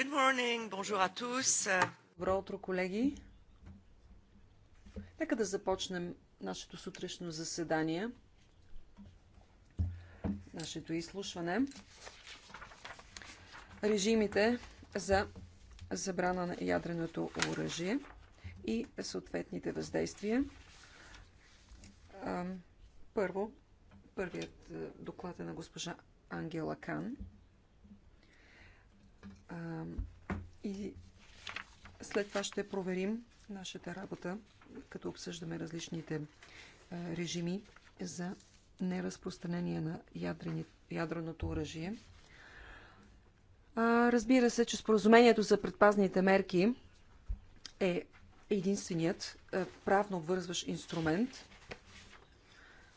Good morning, bonjour à tous. Добро утро, колеги. Нека да започнем нашето сутрешно заседание, нашето изслушване. Режимите за забрана на ядреното оръжие и съответните въздействия. Първо, първият е, доклад е на госпожа Ангела Кан – и след това ще проверим нашата работа, като обсъждаме различните режими за неразпространение на ядрени, ядреното оръжие. Разбира се, че споразумението за предпазните мерки е единственият правно обвързващ инструмент,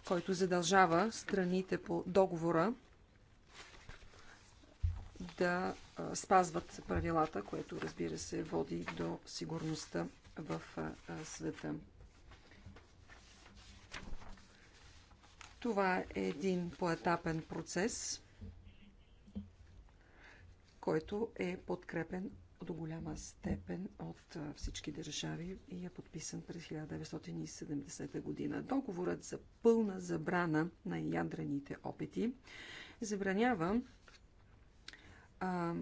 който задължава страните по договора да спазват правилата, което разбира се води до сигурността в света. Това е един поетапен процес, който е подкрепен до голяма степен от всички държави и е подписан през 1970 година. Договорът за пълна забрана на ядрените опити забранява а,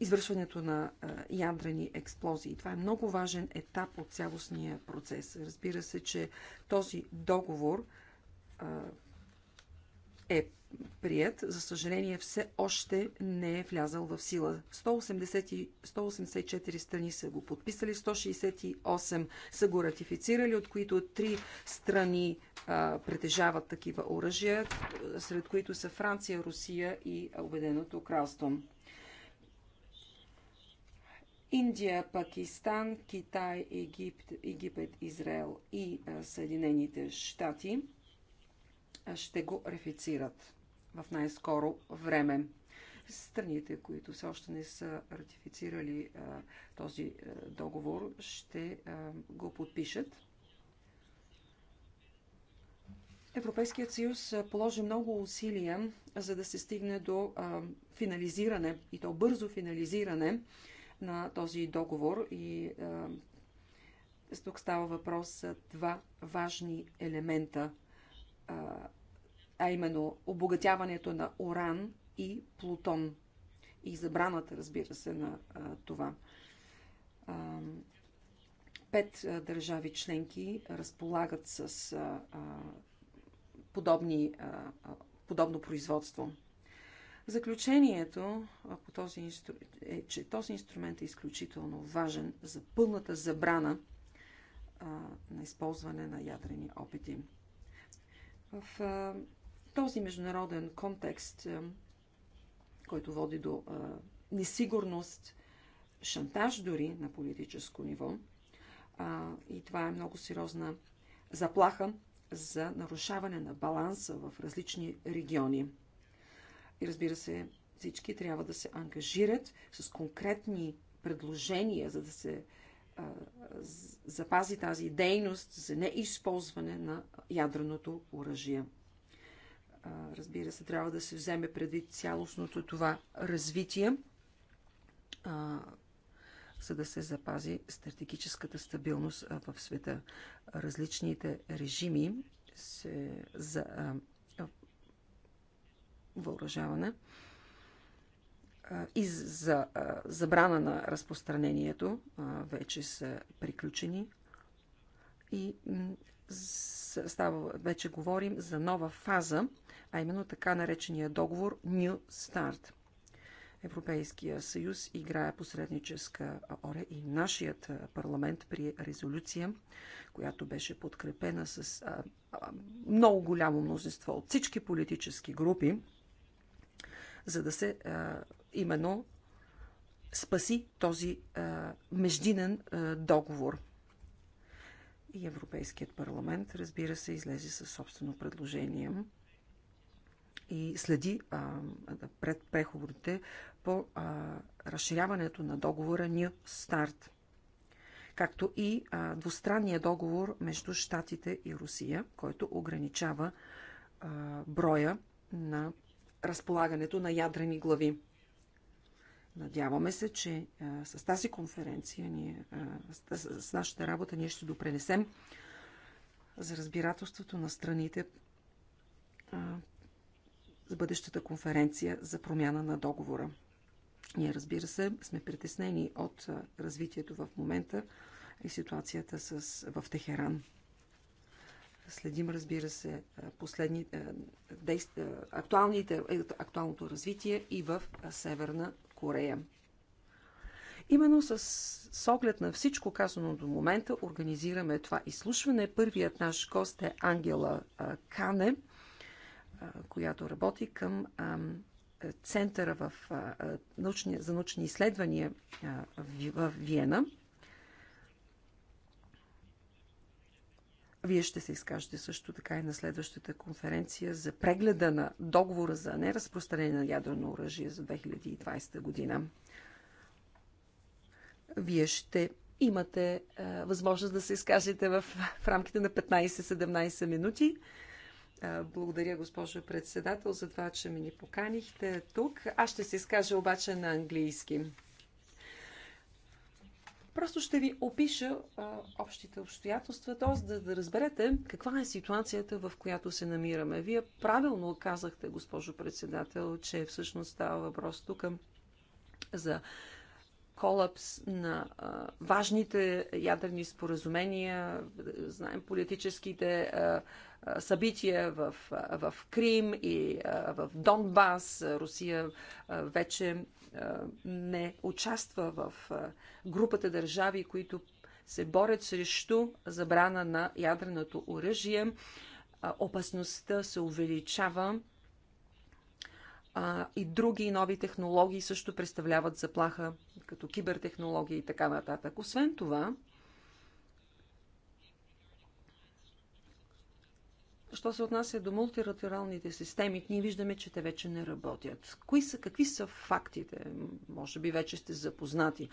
извършването на а, ядрени експлозии. Това е много важен етап от цялостния процес. Разбира се, че този договор а, е прият, за съжаление все още не е влязал в сила. 180, 184 страни са го подписали, 168 са го ратифицирали, от които три страни а, притежават такива оръжия, сред които са Франция, Русия и Обеденото кралство. Индия, Пакистан, Китай, Египт, Египет, Израел и а, Съединените щати ще го рефицират в най-скоро време. Страните, които все още не са ратифицирали а, този а, договор, ще а, го подпишат. Европейският съюз положи много усилия, за да се стигне до а, финализиране, и то бързо финализиране на този договор. И а, тук става въпрос за два важни елемента. А, а именно обогатяването на уран и плутон. И забраната, разбира се, на а, това. А, пет а, държави членки разполагат с а, а, подобни, а, подобно производство. Заключението по този е, че този инструмент е изключително важен за пълната забрана а, на използване на ядрени опити. В а, този международен контекст, е, който води до е, несигурност, шантаж дори на политическо ниво, и това е много сериозна заплаха за нарушаване на баланса в различни региони. И разбира се, всички трябва да се ангажират с конкретни предложения, за да се а, е, запази тази дейност за неизползване на ядреното оръжие разбира се, трябва да се вземе преди цялостното това развитие, за да се запази стратегическата стабилност в света. Различните режими се, за въоръжаване и за забрана на разпространението вече са приключени и става, вече говорим за нова фаза, а именно така наречения договор New Start. Европейския съюз играе посредническа роля и нашият парламент при резолюция, която беше подкрепена с а, а, много голямо мнозинство от всички политически групи, за да се а, именно спаси този а, междинен а, договор – и Европейският парламент, разбира се, излезе със собствено предложение и следи а, пред преговорите по а, разширяването на договора New Start, както и а, двустранния договор между Штатите и Русия, който ограничава а, броя на разполагането на ядрени глави. Надяваме се, че а, с тази конференция, ние, а, с, с нашата работа, ние ще допренесем за разбирателството на страните а, за бъдещата конференция за промяна на договора. Ние, разбира се, сме притеснени от развитието в момента и ситуацията с, в Техеран. Следим, разбира се, последни, действ, актуалните, е, актуалното развитие и в Северна Корея. Именно с, с оглед на всичко казано до момента организираме това изслушване. Първият наш гост е Ангела а, Кане, а, която работи към а, Центъра в, научни, за научни изследвания в Виена. Вие ще се изкажете също така и на следващата конференция за прегледа на договора за неразпространение на ядрено оръжие за 2020 година. Вие ще имате е, възможност да се изкажете в, в рамките на 15-17 минути. Е, благодаря, госпожо председател, за това, че ми ни поканихте тук. Аз ще се изкажа обаче на английски. Просто ще ви опиша а, общите обстоятелства, т.е. Да, да разберете каква е ситуацията, в която се намираме. Вие правилно казахте, госпожо председател, че всъщност става въпрос тук за колапс на а, важните ядрени споразумения, знаем политическите а, а, събития в, в Крим и в Донбас. Русия вече е, не участва в е, групата държави, които се борят срещу забрана на ядреното оръжие. Е, опасността се увеличава и други нови технологии също представляват заплаха, като кибертехнологии и така нататък. Освен това, Що се отнася до мултилатералните системи, ние виждаме, че те вече не работят. Кои са, какви са фактите? Може би вече сте запознати.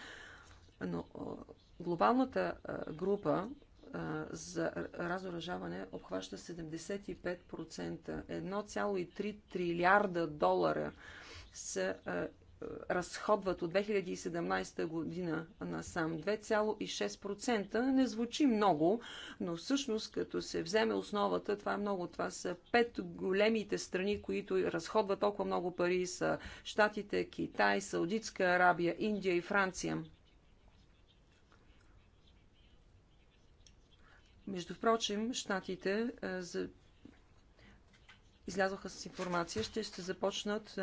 Но глобалната група за разоръжаване обхваща 75%. 1,3 трилиарда долара са разходват от 2017 година насам 2,6%. Не звучи много, но всъщност като се вземе основата, това е много. Това са пет големите страни, които разходват толкова много пари са Штатите, Китай, Саудитска Арабия, Индия и Франция. Между прочим, Штатите излязоха с информация, ще, ще започнат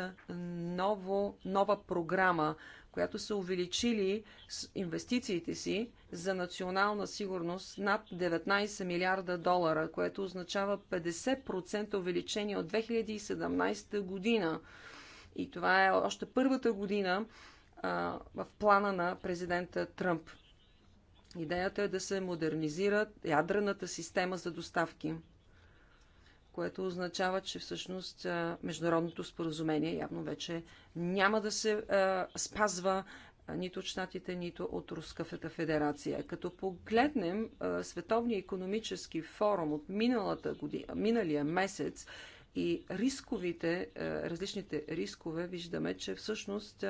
ново, нова програма, която са увеличили с инвестициите си за национална сигурност над 19 милиарда долара, което означава 50% увеличение от 2017 година. И това е още първата година а, в плана на президента Тръмп. Идеята е да се модернизира ядрената система за доставки което означава, че всъщност международното споразумение явно вече няма да се спазва нито от Штатите, нито от Руската федерация. Като погледнем Световния економически форум от миналата година, миналия месец и рисковите, различните рискове, виждаме, че всъщност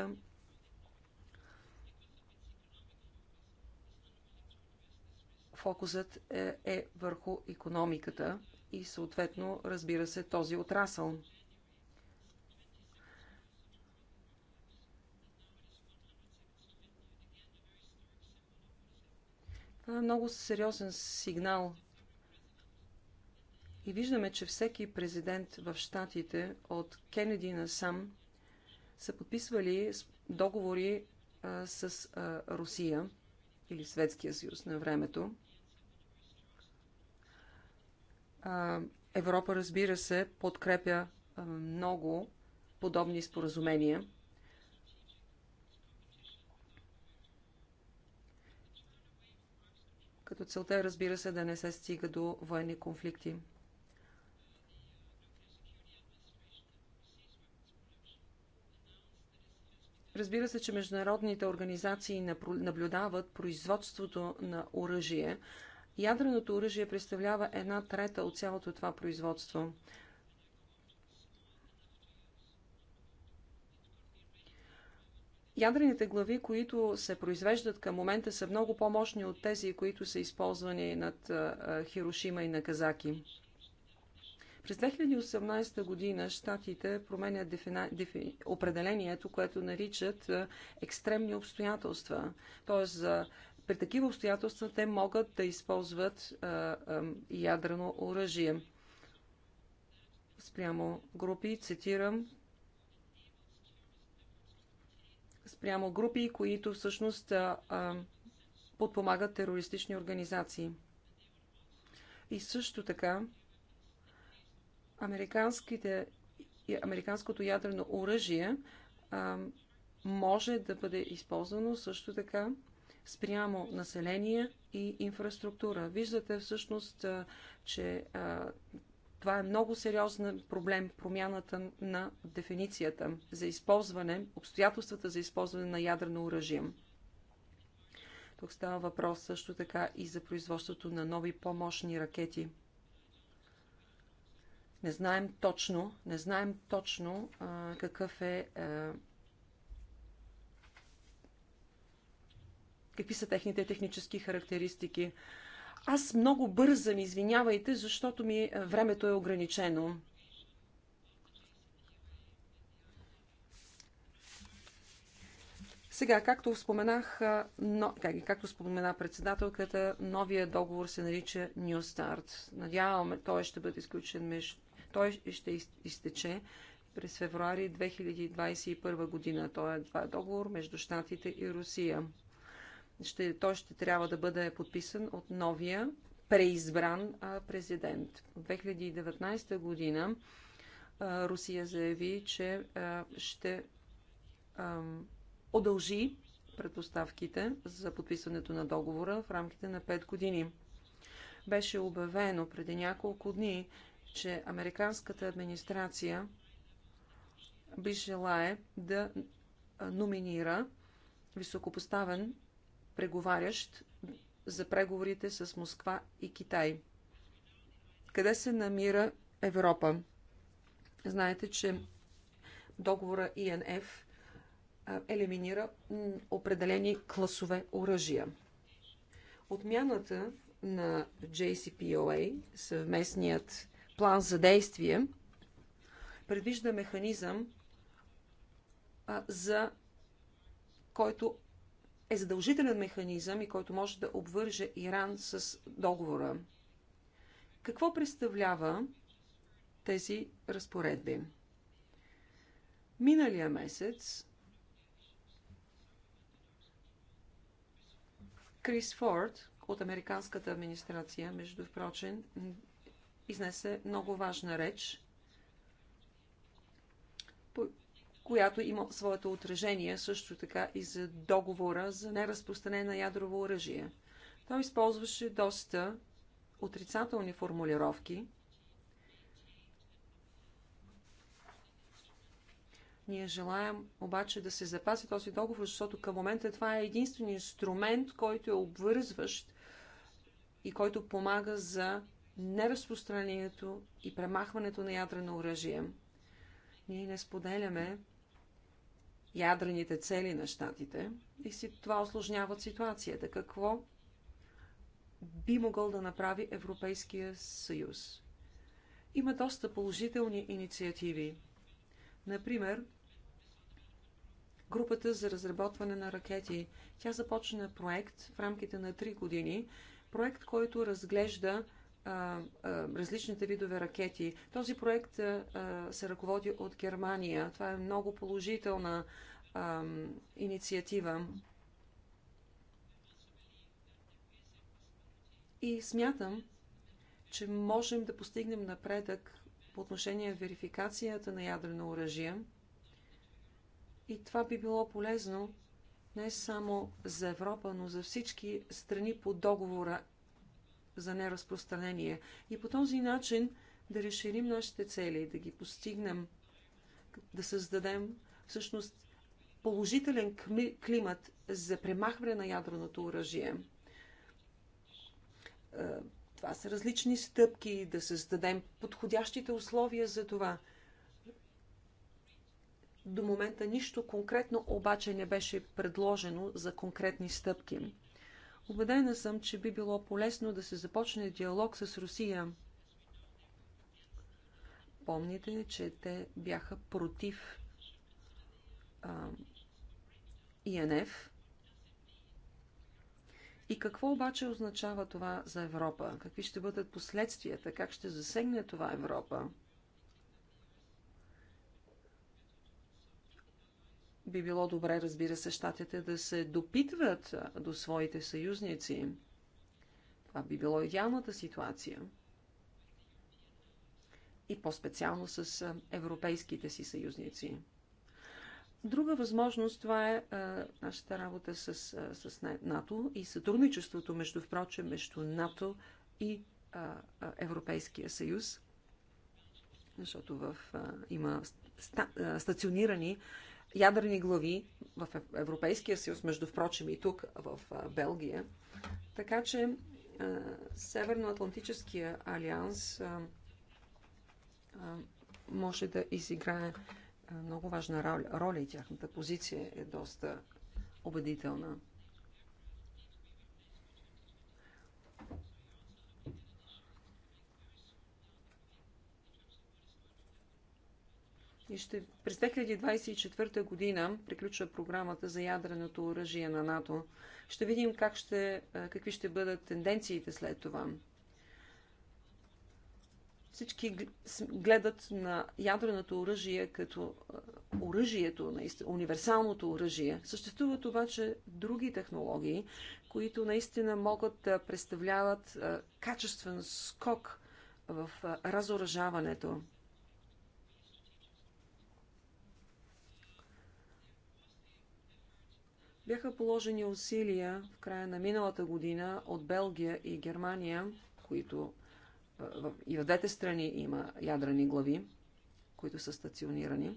фокусът е, е върху економиката и съответно, разбира се, този отрасъл. Това е много сериозен сигнал. И виждаме, че всеки президент в Штатите от Кенеди насам са подписвали договори а, с а, Русия или Светския съюз на времето. Европа, разбира се, подкрепя много подобни споразумения. Като целта е, разбира се, да не се стига до военни конфликти. Разбира се, че международните организации наблюдават производството на оръжие, Ядреното оръжие представлява една трета от цялото това производство. Ядрените глави, които се произвеждат към момента, са много по-мощни от тези, които са използвани над Хирошима и Наказаки. През 2018 година щатите променят дефина... деф... определението, което наричат екстремни обстоятелства, т.е. за при такива обстоятелства те могат да използват а, а, ядрено оръжие. Спрямо групи, цитирам, спрямо групи, които всъщност а, а, подпомагат терористични организации. И също така, американските, американското ядрено оръжие а, може да бъде използвано също така спрямо население и инфраструктура. Виждате всъщност, че това е много сериозен проблем, промяната на дефиницията за използване, обстоятелствата за използване на ядрено оръжие. Тук става въпрос също така и за производството на нови по-мощни ракети. Не знаем точно, не знаем точно а, какъв е а, какви са техните технически характеристики. Аз много бързам, извинявайте, защото ми е, времето е ограничено. Сега, както споменах, но, как, както спомена председателката, новия договор се нарича New Start. Надяваме, той ще бъде изключен меж... Той ще изтече през февруари 2021 година. Той е, е договор между Штатите и Русия ще, той ще трябва да бъде подписан от новия преизбран президент. В 2019 година Русия заяви, че ще удължи предпоставките за подписването на договора в рамките на 5 години. Беше обявено преди няколко дни, че американската администрация би желае да номинира високопоставен преговарящ за преговорите с Москва и Китай. Къде се намира Европа? Знаете, че договора ИНФ елиминира определени класове оръжия. Отмяната на JCPOA, съвместният план за действие, предвижда механизъм за който е задължителен механизъм и който може да обвърже Иран с договора. Какво представлява тези разпоредби? Миналия месец Крис Форд от американската администрация, между впрочен, изнесе много важна реч която има своето отражение също така и за договора за неразпространение на ядрово оръжие. Той използваше доста отрицателни формулировки. Ние желаем обаче да се запази този договор, защото към момента това е единствен инструмент, който е обвързващ и който помага за неразпространението и премахването на ядрено оръжие. Ние не споделяме ядрените цели на щатите и си, това осложнява ситуацията. Какво би могъл да направи Европейския съюз? Има доста положителни инициативи. Например, групата за разработване на ракети. Тя започна проект в рамките на 3 години. Проект, който разглежда различните видове ракети. Този проект се ръководи от Германия. Това е много положителна инициатива. И смятам, че можем да постигнем напредък по отношение на верификацията на ядрено оръжие. И това би било полезно не само за Европа, но за всички страни по договора за неразпространение и по този начин да разширим нашите цели, да ги постигнем, да създадем всъщност положителен климат за премахване на ядреното оръжие. Е, това са различни стъпки, да създадем подходящите условия за това. До момента нищо конкретно обаче не беше предложено за конкретни стъпки. Обедена съм, че би било полезно да се започне диалог с Русия. Помните, че те бяха против а, ИНФ. И какво обаче означава това за Европа? Какви ще бъдат последствията? Как ще засегне това Европа? Би било добре, разбира се, щатите да се допитват до своите съюзници. Това би било идеалната ситуация. И по-специално с европейските си съюзници. Друга възможност това е а, нашата работа с, а, с НАТО и сътрудничеството, между впрочем, между НАТО и а, а, Европейския съюз, защото в, а, има ста, а, стационирани ядрени глави в Европейския съюз, между впрочем и тук в Белгия. Така че Северно-Атлантическия алианс може да изиграе много важна роля и тяхната позиция е доста убедителна. И ще, през 2024 година приключва програмата за ядреното оръжие на НАТО. Ще видим как ще, какви ще бъдат тенденциите след това. Всички гледат на ядреното оръжие като оръжието, наистина, универсалното оръжие. Съществуват обаче други технологии, които наистина могат да представляват качествен скок в разоръжаването. Бяха положени усилия в края на миналата година от Белгия и Германия, които и в двете страни има ядрени глави, които са стационирани.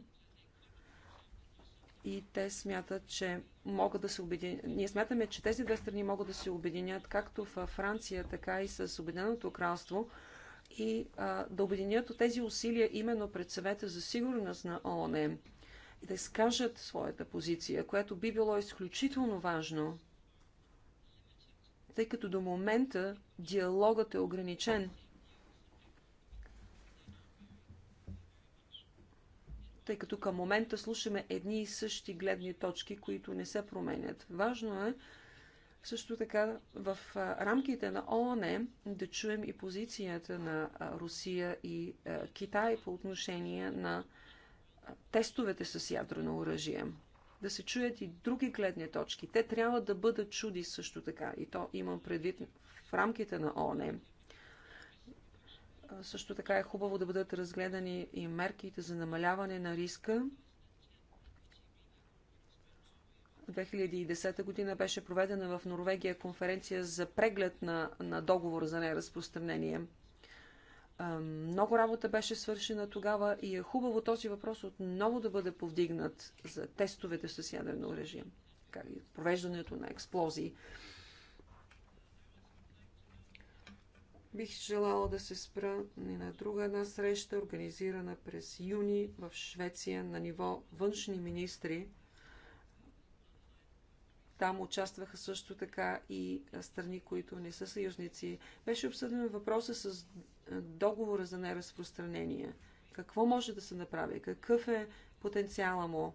И те смятат, че могат да се обединят. Ние смятаме, че тези две страни могат да се обединят както в Франция, така и с Обединеното кралство и а, да обединят от тези усилия именно пред съвета за сигурност на ООН да изкажат своята позиция, което би било изключително важно, тъй като до момента диалогът е ограничен. Тъй като към момента слушаме едни и същи гледни точки, които не се променят. Важно е също така в рамките на ООН да чуем и позицията на Русия и Китай по отношение на тестовете с ядрено оръжие, да се чуят и други гледни точки. Те трябва да бъдат чуди също така. И то имам предвид в рамките на ОНЕ. Също така е хубаво да бъдат разгледани и мерките за намаляване на риска 2010 година беше проведена в Норвегия конференция за преглед на, на договор за неразпространение. Много работа беше свършена тогава и е хубаво този въпрос отново да бъде повдигнат за тестовете с ядрено оръжие, провеждането на експлозии. Бих желала да се спра и на друга една среща, организирана през юни в Швеция на ниво външни министри. Там участваха също така и страни, които не са съюзници. Беше обсъден въпроса с договора за неразпространение? Какво може да се направи? Какъв е потенциала му?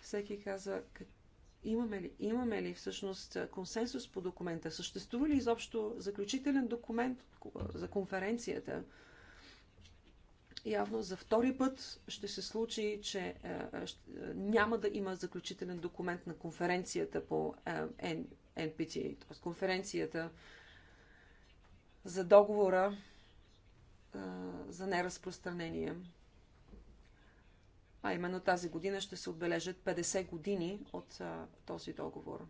Всеки каза, имаме ли, имаме ли всъщност консенсус по документа? Съществува ли изобщо заключителен документ за конференцията? Явно за втори път ще се случи, че е, е, няма да има заключителен документ на конференцията по е, NPTA, т.е. конференцията за договора за неразпространение. А именно тази година ще се отбележат 50 години от а, този договор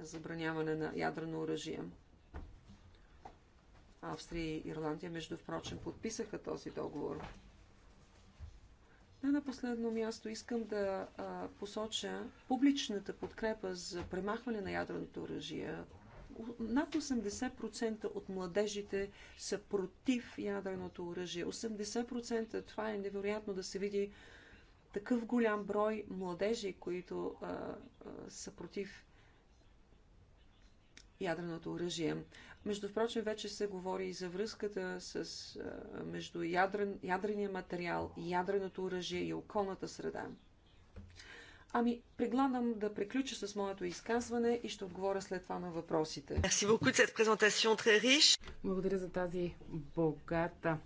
за забраняване на ядрено оръжие. Австрия и Ирландия, между впрочем, подписаха този договор. Не на последно място искам да а, посоча публичната подкрепа за премахване на ядреното оръжие. Над 80% от младежите са против ядреното оръжие. 80% това е невероятно да се види такъв голям брой младежи, които а, а, са против ядреното оръжие. Между впрочем, вече се говори и за връзката с, между ядрен, ядрения материал, ядреното оръжие и околната среда. Ами, пригладам да приключа с моето изказване и ще отговоря след това на въпросите. Благодаря за тази богата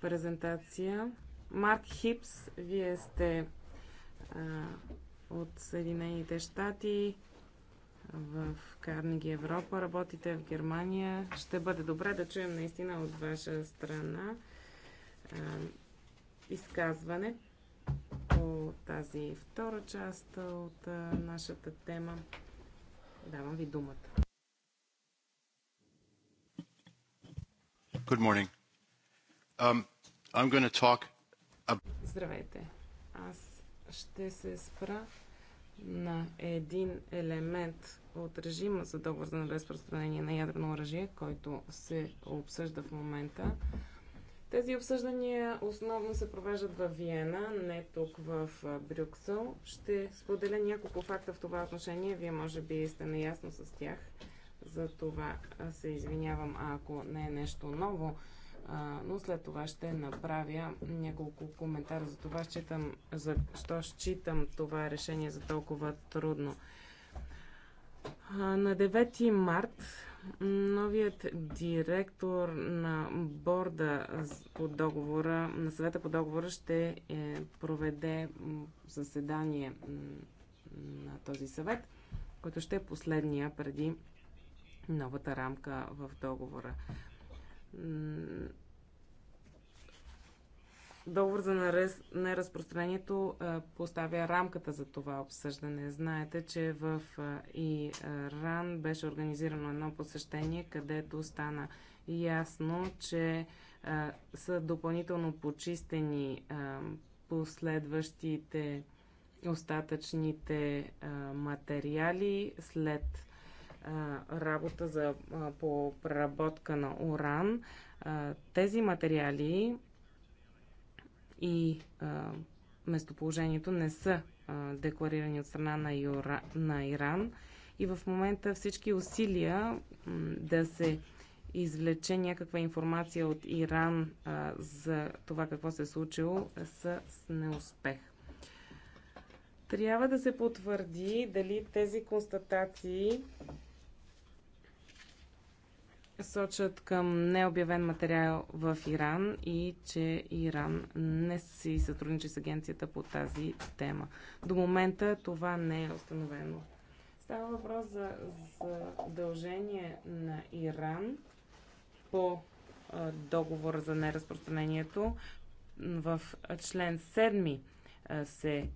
презентация. Марк Хипс, вие сте а, от Съединените щати в Карнеги Европа, работите в Германия. Ще бъде добре да чуем наистина от ваша страна а, изказване по тази втора част от а, нашата тема. Давам ви думата. Good morning. Um, I'm going to talk about... Здравейте. Аз ще се спра на един елемент от режима за договор за неразпространение на ядрено оръжие, който се обсъжда в момента. Тези обсъждания основно се провеждат в Виена, не тук в Брюксел. Ще споделя няколко факта в това отношение. Вие може би сте наясно с тях. За това се извинявам, ако не е нещо ново, но след това ще направя няколко коментара за това, считам, за що считам това решение за толкова трудно. На 9 март новият директор на борда по договора, на съвета по договора ще е, проведе заседание на този съвет, който ще е последния преди новата рамка в договора. Договор за неразпространението поставя рамката за това обсъждане. Знаете, че в Иран беше организирано едно посещение, където стана ясно, че са допълнително почистени последващите остатъчните материали след работа за, по преработка на уран. Тези материали и а, местоположението не са а, декларирани от страна на, Юра, на Иран. И в момента всички усилия да се извлече някаква информация от Иран а, за това какво се е случило са с неуспех. Трябва да се потвърди дали тези констатации сочат към необявен материал в Иран и че Иран не си сътрудничи с агенцията по тази тема. До момента това не е установено. Става въпрос за задължение на Иран по договор за неразпространението. В член 7 се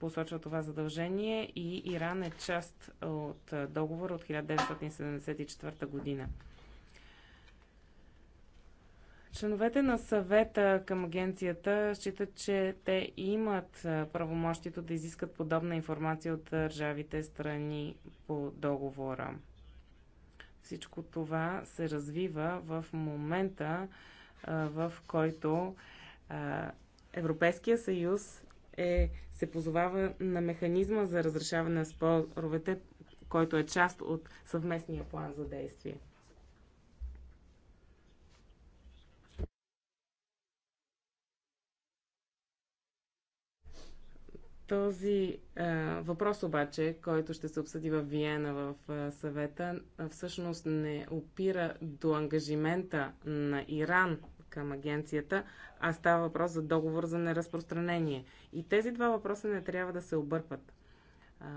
посочва това задължение и Иран е част от договора от 1974 година. Членовете на съвета към агенцията считат, че те имат правомощието да изискат подобна информация от държавите страни по договора. Всичко това се развива в момента, в който Европейския съюз е, се позовава на механизма за разрешаване на споровете, който е част от съвместния план за действие. Този а, въпрос обаче, който ще се обсъди в Виена в а, съвета, всъщност не опира до ангажимента на Иран към агенцията, а става въпрос за договор за неразпространение. И тези два въпроса не трябва да се объркват.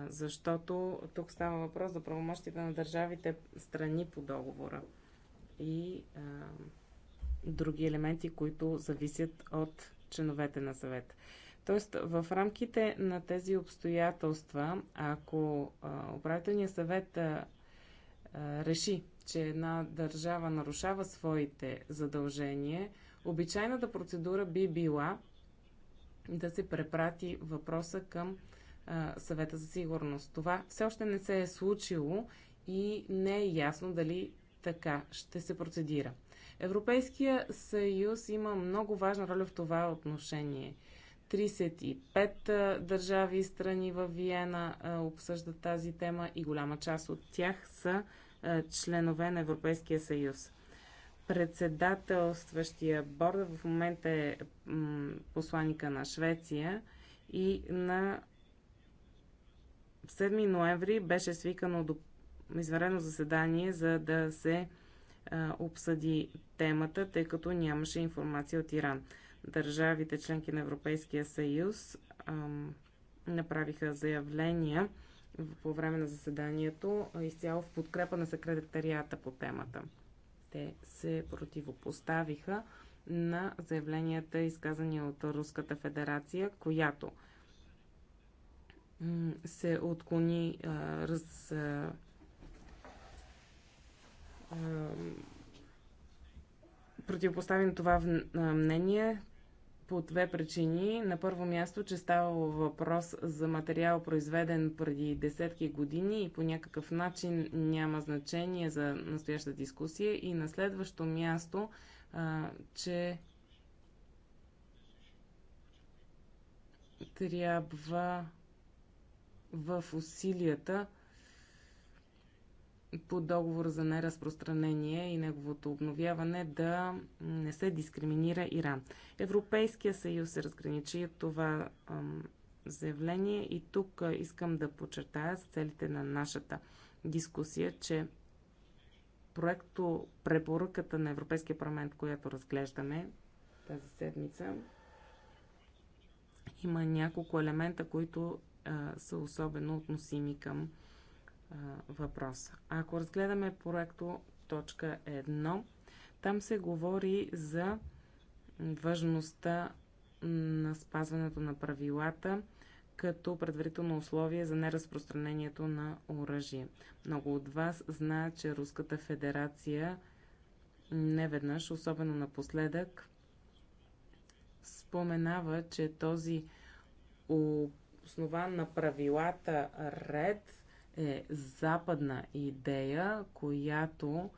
Защото тук става въпрос за правомощите на държавите страни по договора и а, други елементи, които зависят от членовете на съвета. Тоест, в рамките на тези обстоятелства, ако управителният съвет реши, че една държава нарушава своите задължения, обичайната процедура би била да се препрати въпроса към а, съвета за сигурност. Това все още не се е случило и не е ясно дали така ще се процедира. Европейския съюз има много важна роля в това отношение – 35 държави и страни в Виена обсъждат тази тема и голяма част от тях са членове на Европейския съюз. Председателстващия борда в момента е посланика на Швеция и на 7 ноември беше свикано до извънредно заседание, за да се обсъди темата, тъй като нямаше информация от Иран държавите членки на Европейския съюз направиха заявления по време на заседанието изцяло в подкрепа на секретарията по темата. Те се противопоставиха на заявленията, изказани от Руската федерация, която се отклони а, раз, а, противопостави на това мнение по две причини. На първо място, че става въпрос за материал, произведен преди десетки години и по някакъв начин няма значение за настоящата дискусия. И на следващо място, а, че трябва в усилията по договор за неразпространение и неговото обновяване да не се дискриминира Иран. Европейския съюз се разграничи от това ам, заявление и тук искам да подчертая с целите на нашата дискусия, че проекто препоръката на Европейския парламент, която разглеждаме тази седмица, има няколко елемента, които а, са особено относими към Въпрос. Ако разгледаме проекто точка 1, там се говори за важността на спазването на правилата като предварително условие за неразпространението на оръжие. Много от вас знаят, че Руската федерация неведнъж, особено напоследък, споменава, че този основан на правилата ред е западна идея, която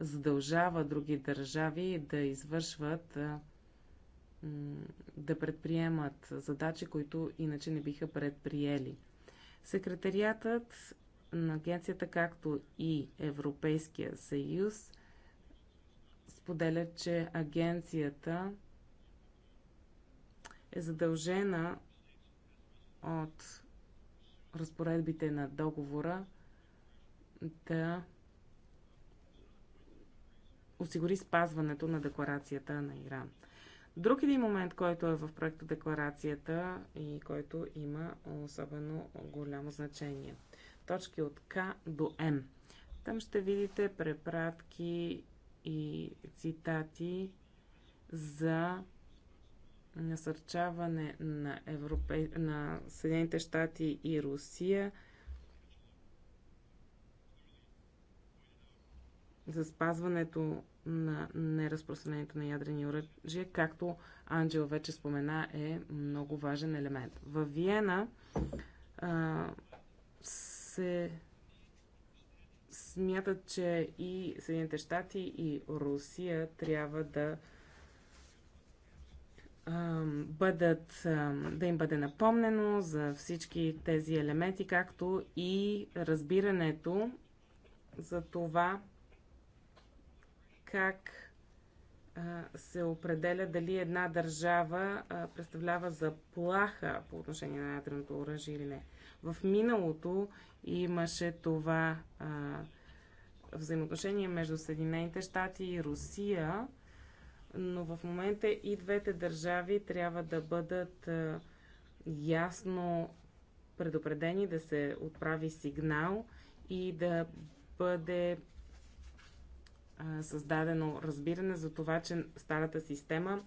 задължава други държави да извършват, да предприемат задачи, които иначе не биха предприели. Секретариатът на агенцията, както и Европейския съюз, споделят, че агенцията е задължена от разпоредбите на договора да осигури спазването на декларацията на Иран. Друг един момент, който е в проекта декларацията и който има особено голямо значение. Точки от К до М. Там ще видите препратки и цитати за насърчаване на, Европе... на Съединените щати и Русия за спазването на неразпространението на ядрени оръжия, както Анджел вече спомена, е много важен елемент. В Виена а, се смятат, че и Съединените щати и Русия трябва да бъдат, да им бъде напомнено за всички тези елементи, както и разбирането за това как се определя дали една държава представлява заплаха по отношение на ядреното оръжие или не. В миналото имаше това взаимоотношение между Съединените щати и Русия, но в момента и двете държави трябва да бъдат ясно предупредени, да се отправи сигнал и да бъде създадено разбиране за това, че старата система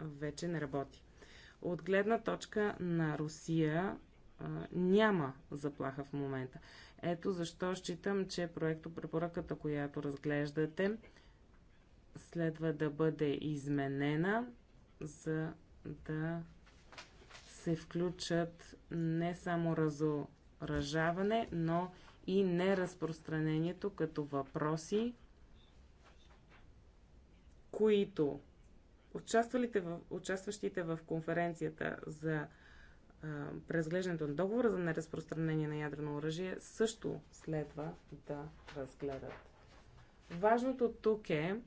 вече не работи. От гледна точка на Русия няма заплаха в момента. Ето защо считам, че проекто препоръката, която разглеждате, следва да бъде изменена, за да се включат не само разоръжаване, но и неразпространението като въпроси, които участващите в конференцията за презглеждането на договора за неразпространение на ядрено оръжие също следва да разгледат. Важното тук е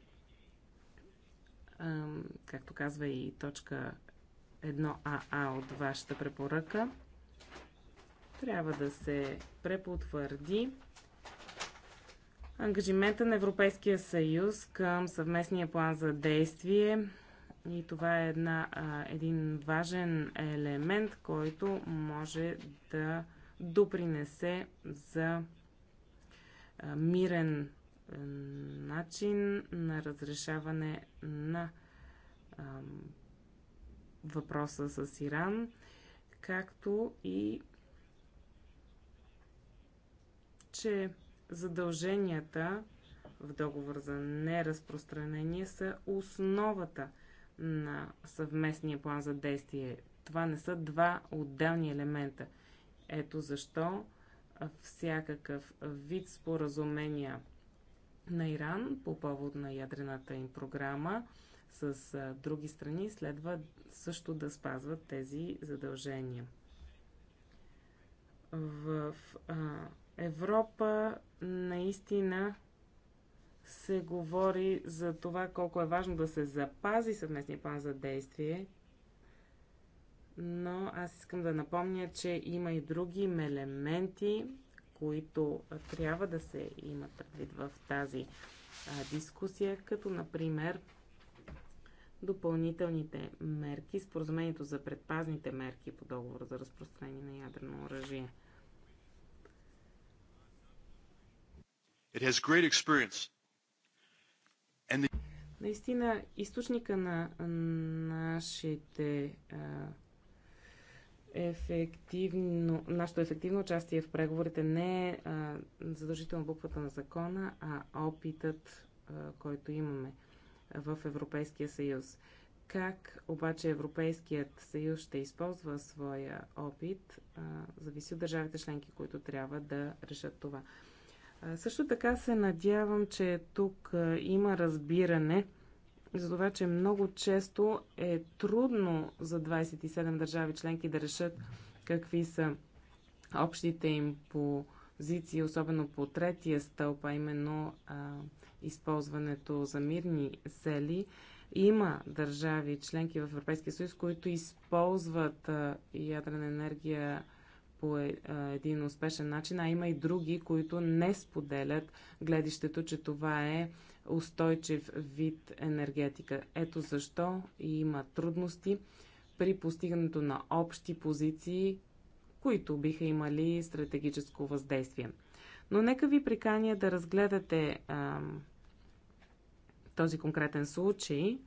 както казва и точка 1АА от вашата препоръка, трябва да се препотвърди ангажимента на Европейския съюз към съвместния план за действие. И това е една, един важен елемент, който може да допринесе за мирен начин на разрешаване на ам, въпроса с Иран, както и че задълженията в договор за неразпространение са основата на съвместния план за действие. Това не са два отделни елемента. Ето защо всякакъв вид споразумения – на Иран по повод на ядрената им програма с други страни следва също да спазват тези задължения. В Европа наистина се говори за това колко е важно да се запази съвместния план за действие, но аз искам да напомня, че има и други елементи, които трябва да се имат предвид в тази дискусия, като например допълнителните мерки, споразумението за предпазните мерки по договора за разпространение на ядрено оръжие. It has great experience. And the... Наистина, източника на нашите а, ефективно, нашето ефективно участие в преговорите не е а, задължително буквата на закона, а опитът, а, който имаме в Европейския съюз. Как обаче Европейският съюз ще използва своя опит, а, зависи от държавите членки, които трябва да решат това. А, също така се надявам, че тук а, има разбиране за това, че много често е трудно за 27 държави членки да решат какви са общите им позиции, особено по третия стълб, а именно а, използването за мирни цели. Има държави членки в Европейския съюз, които използват а, ядрена енергия по е, един успешен начин, а има и други, които не споделят гледището, че това е устойчив вид енергетика. Ето защо има трудности при постигането на общи позиции, които биха имали стратегическо въздействие. Но нека ви приканя да разгледате а, този конкретен случай,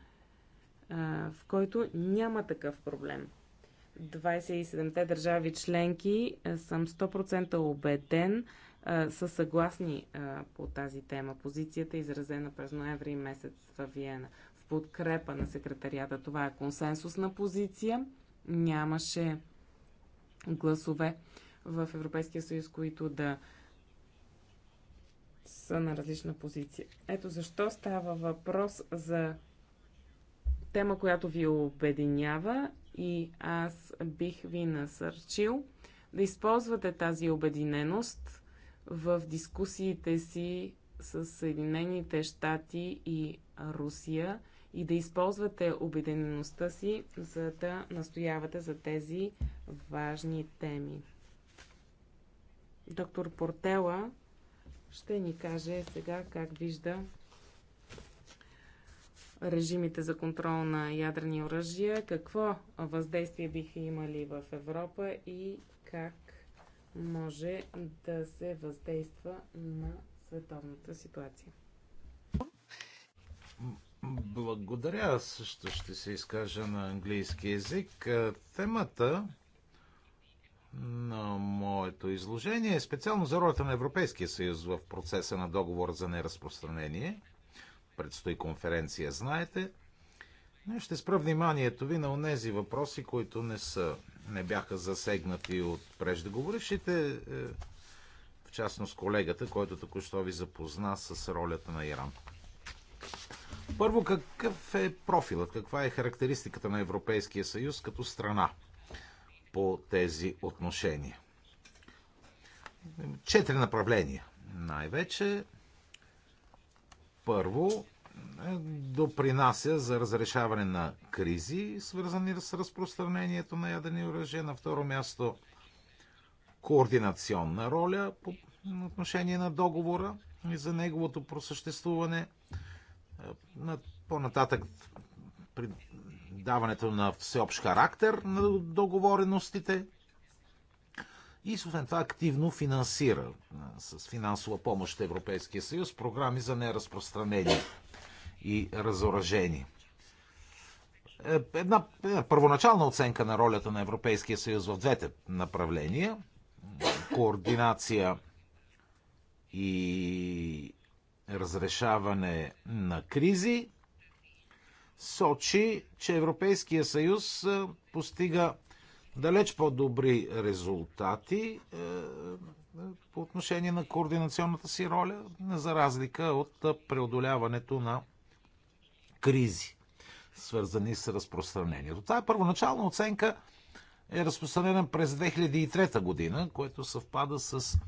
а, в който няма такъв проблем. 27-те държави членки съм 100% убеден, са съгласни а, по тази тема. Позицията е изразена през ноември месец в Виена. В подкрепа на секретарията това е консенсусна позиция. Нямаше гласове в Европейския съюз, които да са на различна позиция. Ето защо става въпрос за тема, която ви обединява и аз бих ви насърчил да използвате тази обединеност в дискусиите си с Съединените щати и Русия и да използвате обедеността си, за да настоявате за тези важни теми. Доктор Портела ще ни каже сега как вижда режимите за контрол на ядрени оръжия, какво въздействие биха имали в Европа и как може да се въздейства на световната ситуация. Благодаря. Аз също ще се изкажа на английски язик. Е, темата на моето изложение е специално за ролята на Европейския съюз в процеса на договор за неразпространение. Предстои конференция, знаете. Е, ще спра вниманието ви на онези въпроси, които не са, не бяха засегнати от преждеговорившите, е, в частност колегата, който току-що ви запозна с ролята на Иран. Първо, какъв е профилът, каква е характеристиката на Европейския съюз като страна по тези отношения? Четири направления. Най-вече първо допринася за разрешаване на кризи, свързани с разпространението на ядени оръжия. На второ място координационна роля по отношение на договора и за неговото просъществуване. По-нататък при даването на всеобщ характер на договореностите и освен това активно финансира с финансова помощ Европейския съюз програми за неразпространение и разоръжени. Е, една, една първоначална оценка на ролята на Европейския съюз в двете направления координация и разрешаване на кризи сочи, че Европейския съюз е, постига далеч по-добри резултати е, по отношение на координационната си роля, за разлика от преодоляването на кризи, свързани с разпространението. Това е първоначална оценка е разпространена през 2003 година, което съвпада с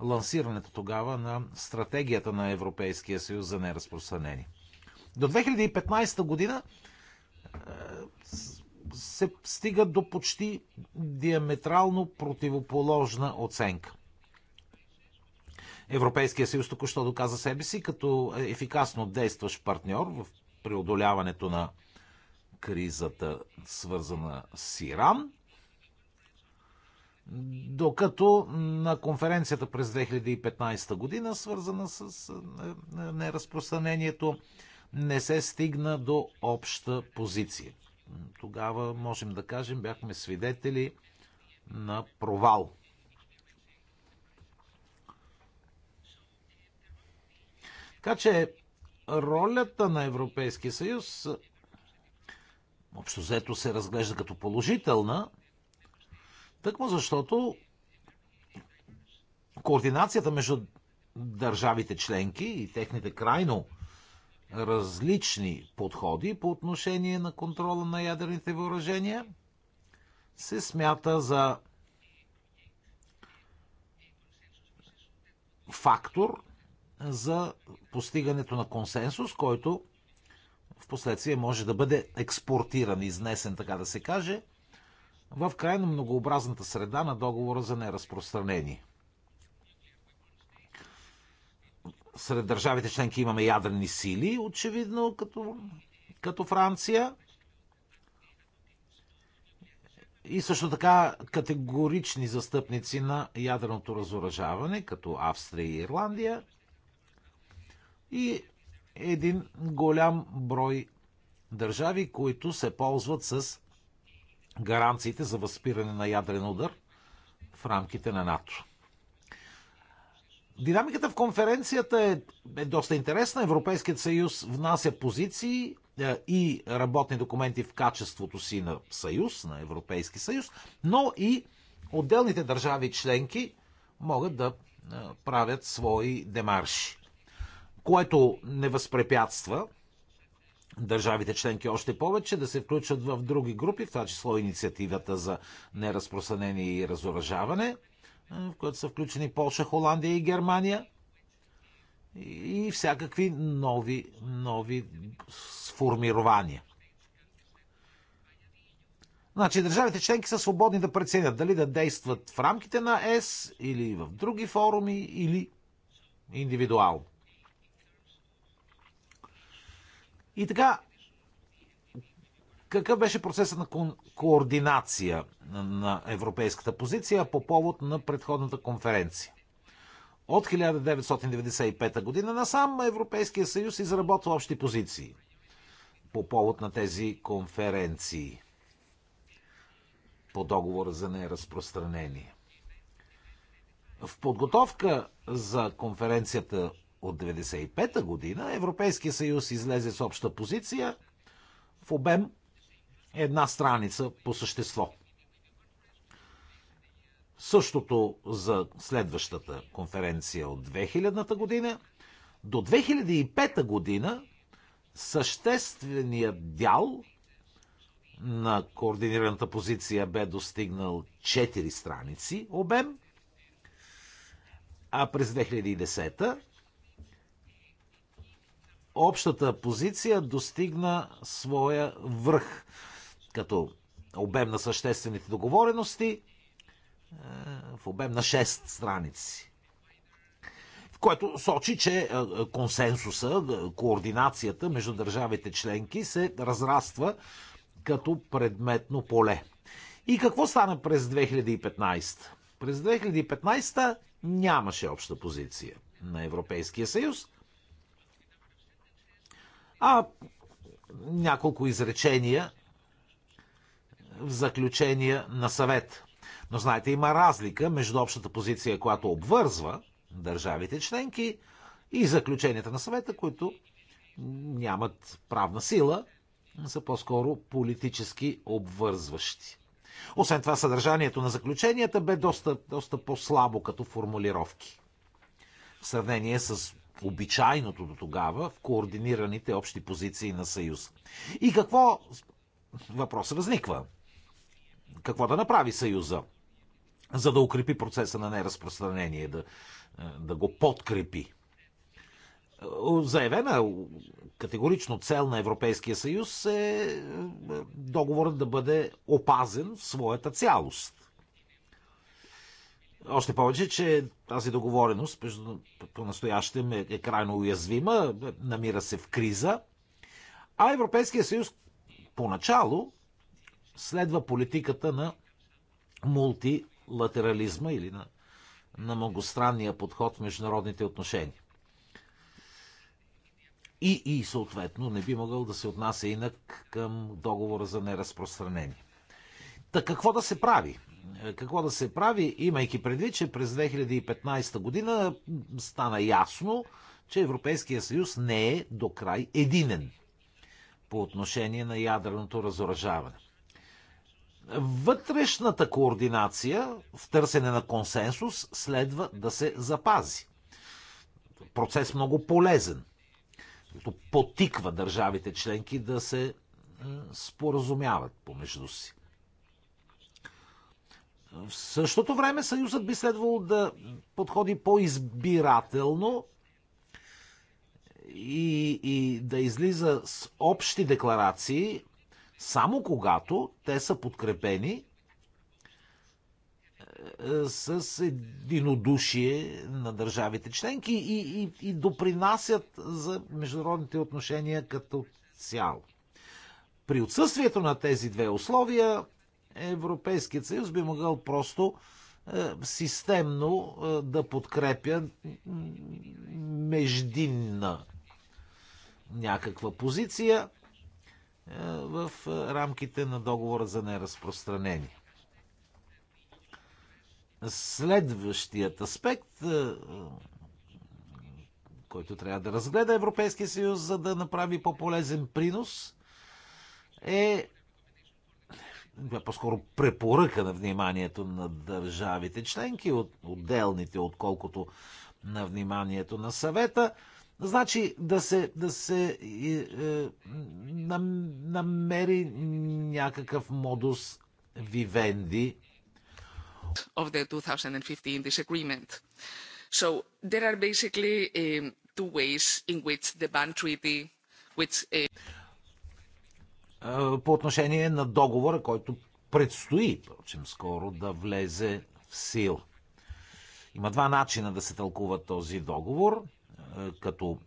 лансирането тогава на стратегията на Европейския съюз за неразпространение. До 2015 година е, се стига до почти диаметрално противоположна оценка. Европейския съюз току-що доказа себе си като ефикасно действащ партньор в преодоляването на кризата, свързана с Иран. Докато на конференцията през 2015 година, свързана с е, е, неразпространението, не се стигна до обща позиция. Тогава, можем да кажем, бяхме свидетели на провал. Така че ролята на Европейския съюз общо взето се разглежда като положителна, тъкмо защото координацията между държавите членки и техните крайно различни подходи по отношение на контрола на ядрените въоръжения се смята за фактор, за постигането на консенсус, който в последствие може да бъде експортиран, изнесен, така да се каже, в край на многообразната среда на договора за неразпространение. Сред държавите членки имаме ядрени сили, очевидно, като, като Франция. И също така категорични застъпници на ядреното разоръжаване, като Австрия и Ирландия и един голям брой държави, които се ползват с гаранциите за възпиране на ядрен удар в рамките на НАТО. Динамиката в конференцията е, е доста интересна. Европейският съюз внася позиции е, и работни документи в качеството си на съюз, на Европейски съюз, но и отделните държави членки могат да е, правят свои демарши което не възпрепятства държавите членки още повече да се включат в други групи, в това число инициативата за неразпространение и разоръжаване, в което са включени Польша, Холандия и Германия и всякакви нови, нови сформирования. Значи държавите членки са свободни да преценят дали да действат в рамките на ЕС или в други форуми или индивидуално. И така, какъв беше процесът на координация на европейската позиция по повод на предходната конференция? От 1995 година насам Европейския съюз изработва общи позиции по повод на тези конференции по договора за неразпространение. В подготовка за конференцията от 1995 година Европейския съюз излезе с обща позиция в обем една страница по същество. Същото за следващата конференция от 2000 та година. До 2005 година същественият дял на координираната позиция бе достигнал 4 страници обем, а през 2010 та общата позиция достигна своя връх като обем на съществените договорености е, в обем на 6 страници. В което сочи, че е, е, консенсуса, координацията между държавите членки се разраства като предметно поле. И какво стана през 2015? През 2015 нямаше обща позиция на Европейския съюз – а няколко изречения в заключение на съвет. Но знаете, има разлика между общата позиция, която обвързва държавите членки и заключенията на съвета, които нямат правна сила, са по-скоро политически обвързващи. Освен това, съдържанието на заключенията бе доста, доста по-слабо като формулировки. В сравнение с обичайното до тогава в координираните общи позиции на Съюз. И какво въпрос възниква? Какво да направи Съюза, за да укрепи процеса на неразпространение, да, да го подкрепи? Заявена категорично цел на Европейския съюз е договорът да бъде опазен в своята цялост. Още повече, че тази договореност по-настоящем е, е крайно уязвима, намира се в криза, а Европейския съюз поначало следва политиката на мултилатерализма или на, на многостранния подход в международните отношения. И, и съответно не би могъл да се отнася инак към договора за неразпространение. Та какво да се прави? какво да се прави, имайки предвид, че през 2015 година стана ясно, че Европейския съюз не е до край единен по отношение на ядреното разоръжаване. Вътрешната координация в търсене на консенсус следва да се запази. Процес много полезен, като потиква държавите членки да се споразумяват помежду си. В същото време Съюзът би следвало да подходи по-избирателно и, и да излиза с общи декларации, само когато те са подкрепени е, с единодушие на държавите членки и, и, и допринасят за международните отношения като цяло. При отсъствието на тези две условия Европейският съюз би могъл просто е, системно е, да подкрепя междинна някаква позиция е, в рамките на договора за неразпространение. Следващият аспект, който трябва да разгледа Европейския съюз, за да направи по-полезен принос, е е по-скоро препоръка на вниманието на държавите членки, от отделните, отколкото на вниманието на съвета. Значи да се, да се е, е, нам, намери някакъв модус вивенди. Of the 2015 disagreement. So there are basically um, two ways in which the ban treaty, which. Uh по отношение на договора, който предстои, впрочем, скоро да влезе в сила. Има два начина да се тълкува този договор, като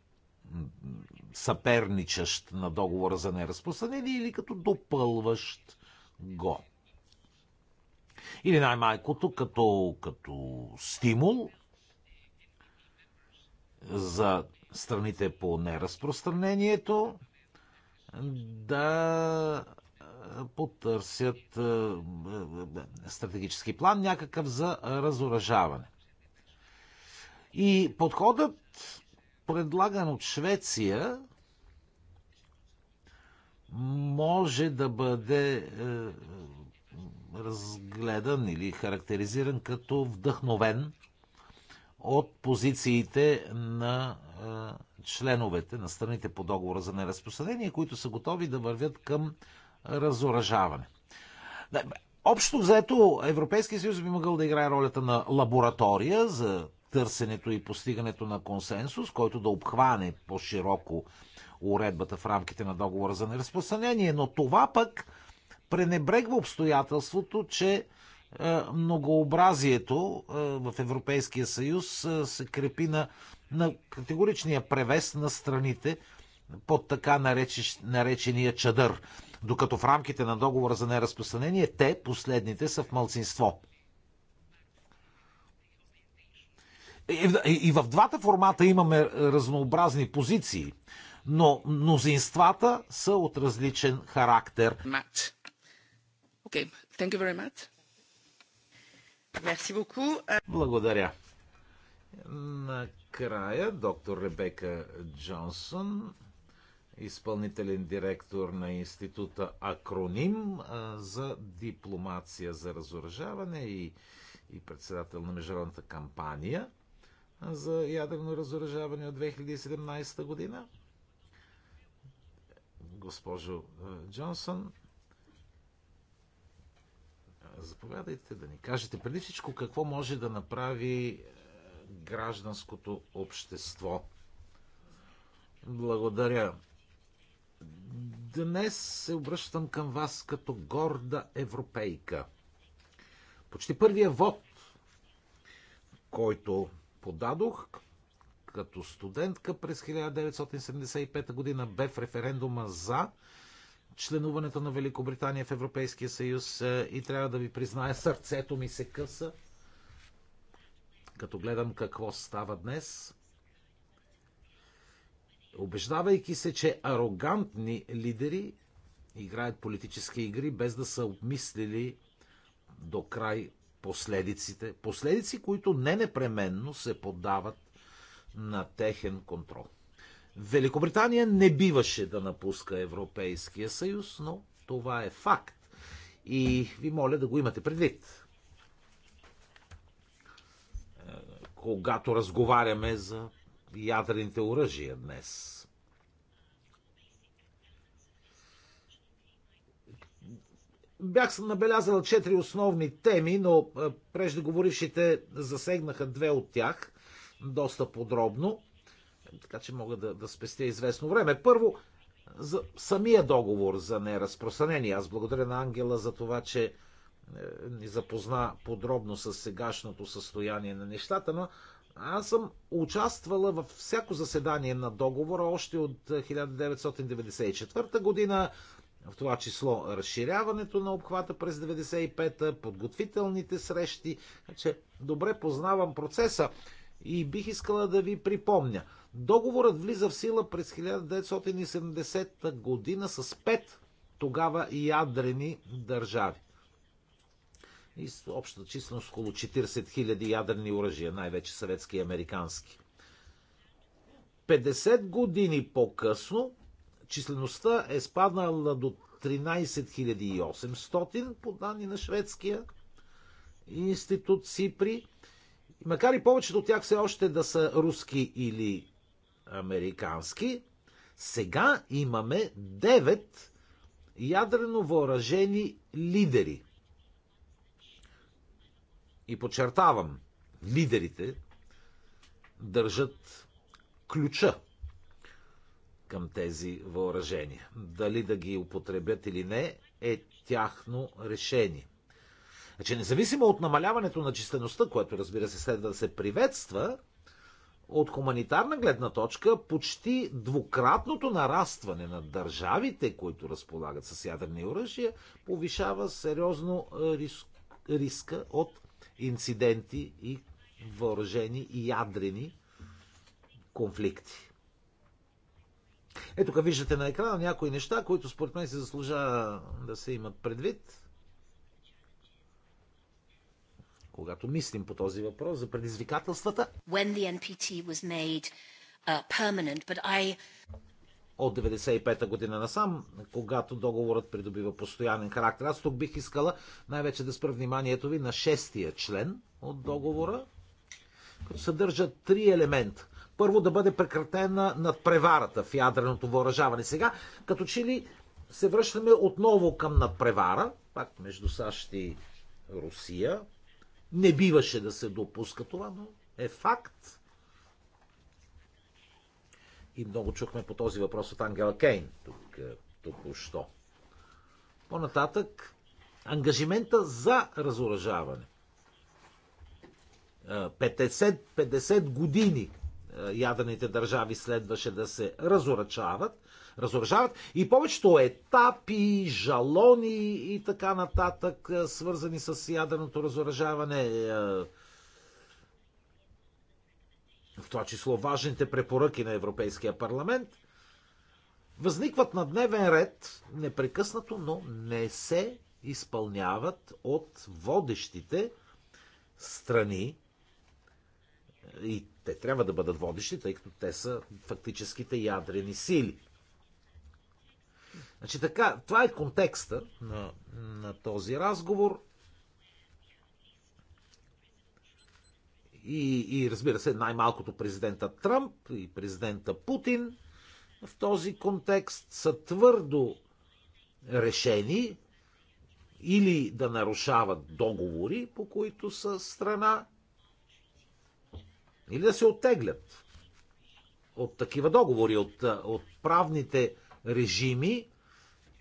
съперничащ на договора за неразпространение или като допълващ го. Или най майкото като, като стимул за страните по неразпространението да потърсят стратегически план някакъв за разоръжаване. И подходът, предлаган от Швеция, може да бъде разгледан или характеризиран като вдъхновен от позициите на членовете на страните по договора за неразпространение, които са готови да вървят към разоръжаване. Общо взето, Европейския съюз би могъл да играе ролята на лаборатория за търсенето и постигането на консенсус, който да обхване по-широко уредбата в рамките на договора за неразпространение, но това пък пренебрегва обстоятелството, че е, многообразието е, в Европейския съюз е, се крепи на, на категоричния превес на страните под така наречеш, наречения чадър, докато в рамките на договора за неразпространение те, последните, са в мълцинство. И в двата формата имаме разнообразни позиции, но мнозинствата са от различен характер. Okay, thank you very much. Благодаря. Накрая доктор Ребека Джонсон, изпълнителен директор на института Акроним за дипломация за разоръжаване и, и председател на международната кампания за ядрено разоръжаване от 2017 година. Госпожо Джонсон, заповядайте да ни кажете преди всичко какво може да направи е, гражданското общество. Благодаря. Днес се обръщам към вас като горда европейка. Почти първия вод, който подадох като студентка през 1975 година, бе в референдума за членуването на Великобритания в Европейския съюз е, и трябва да ви призная, сърцето ми се къса, като гледам какво става днес. Обеждавайки се, че арогантни лидери играят политически игри, без да са обмислили до край последиците. Последици, които не непременно се поддават на техен контрол. Великобритания не биваше да напуска Европейския съюз, но това е факт. И ви моля да го имате предвид. Е, когато разговаряме за ядрените оръжия днес. Бях съм набелязала четири основни теми, но е, преждеговорившите засегнаха две от тях доста подробно така че мога да, да спестя известно време. Първо, за самия договор за неразпространение. Аз благодаря на Ангела за това, че е, ни запозна подробно с сегашното състояние на нещата, но аз съм участвала във всяко заседание на договора още от 1994 е, година, в това число разширяването на обхвата през 1995, та подготвителните срещи, че добре познавам процеса и бих искала да ви припомня – Договорът влиза в сила през 1970 година с пет тогава ядрени държави. И с обща численост около 40 000 ядрени оръжия, най-вече съветски и американски. 50 години по-късно числеността е спаднала до 13 800 по данни на шведския институт СИПРИ. Макар и повечето от тях все още да са руски или американски, сега имаме 9 ядрено въоръжени лидери. И подчертавам, лидерите държат ключа към тези въоръжения. Дали да ги употребят или не, е тяхно решение. Значи, независимо от намаляването на числеността, което разбира се следва да се приветства, от хуманитарна гледна точка почти двукратното нарастване на държавите, които разполагат с ядрени оръжия, повишава сериозно е, риск, риска от инциденти и въоръжени и ядрени конфликти. Ето тук виждате на екрана някои неща, които според мен се заслужава да се имат предвид. когато мислим по този въпрос за предизвикателствата. When the NPT was made, uh, permanent, but I... От 95-та година насам, когато договорът придобива постоянен характер. Аз тук бих искала най-вече да спра вниманието ви на шестия член от договора, като съдържа три елемента. Първо да бъде прекратена над преварата в ядреното въоръжаване. Сега, като че ли се връщаме отново към надпревара, пак между САЩ и Русия, не биваше да се допуска това, но е факт. И много чухме по този въпрос от Ангела Кейн, тук, е, току-що. По-нататък, ангажимента за разоръжаване. 50, е, 50 години ядрените държави следваше да се разоръчават, разоръжават и повечето етапи, жалони и така нататък, е, свързани с ядреното разоръжаване, е, в това число важните препоръки на Европейския парламент, възникват на дневен ред непрекъснато, но не се изпълняват от водещите страни и те трябва да бъдат водещи, тъй като те са фактическите ядрени сили. Значи така, това е контекста на, на този разговор. И, и разбира се, най-малкото президента Трамп и президента Путин в този контекст са твърдо решени или да нарушават договори, по които са страна, или да се оттеглят от такива договори, от, от правните режими,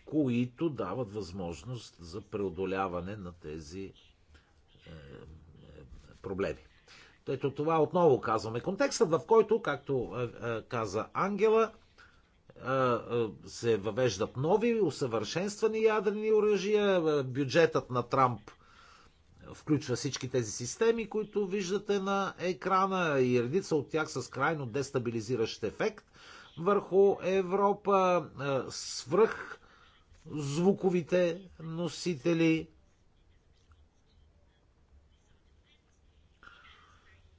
които дават възможност за преодоляване на тези е, е, проблеми. Ето това отново казваме. Контекстът, в който, както е, е каза Ангела, е, е, се въвеждат нови, усъвършенствани ядрени оръжия, бюджетът на Трамп – включва всички тези системи, които виждате на екрана и редица от тях с крайно дестабилизиращ ефект върху Европа, е, свръх звуковите носители,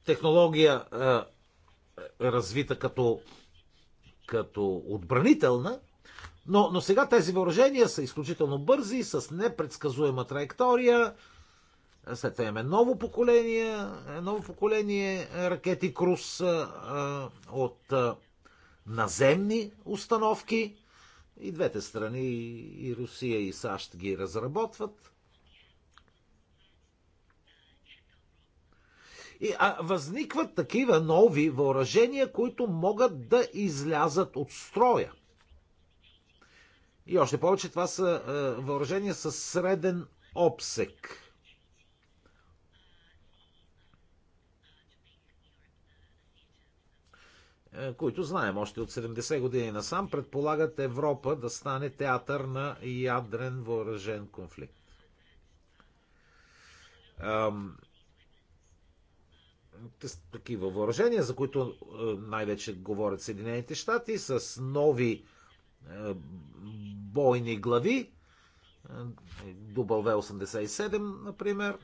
технология е, е развита като, като отбранителна, но, но сега тези въоръжения са изключително бързи, с непредсказуема траектория, след това имаме ново поколение, ново поколение ракети Крус от наземни установки. И двете страни, и Русия, и САЩ ги разработват. И, а, възникват такива нови въоръжения, които могат да излязат от строя. И още повече това са е, въоръжения с среден обсек. Е, които знаем още от 70 години насам, предполагат Европа да стане театър на ядрен въоръжен конфликт. Такива въоръжения, за които е, най-вече говорят Съединените щати, с нови е, бойни глави, W87, например,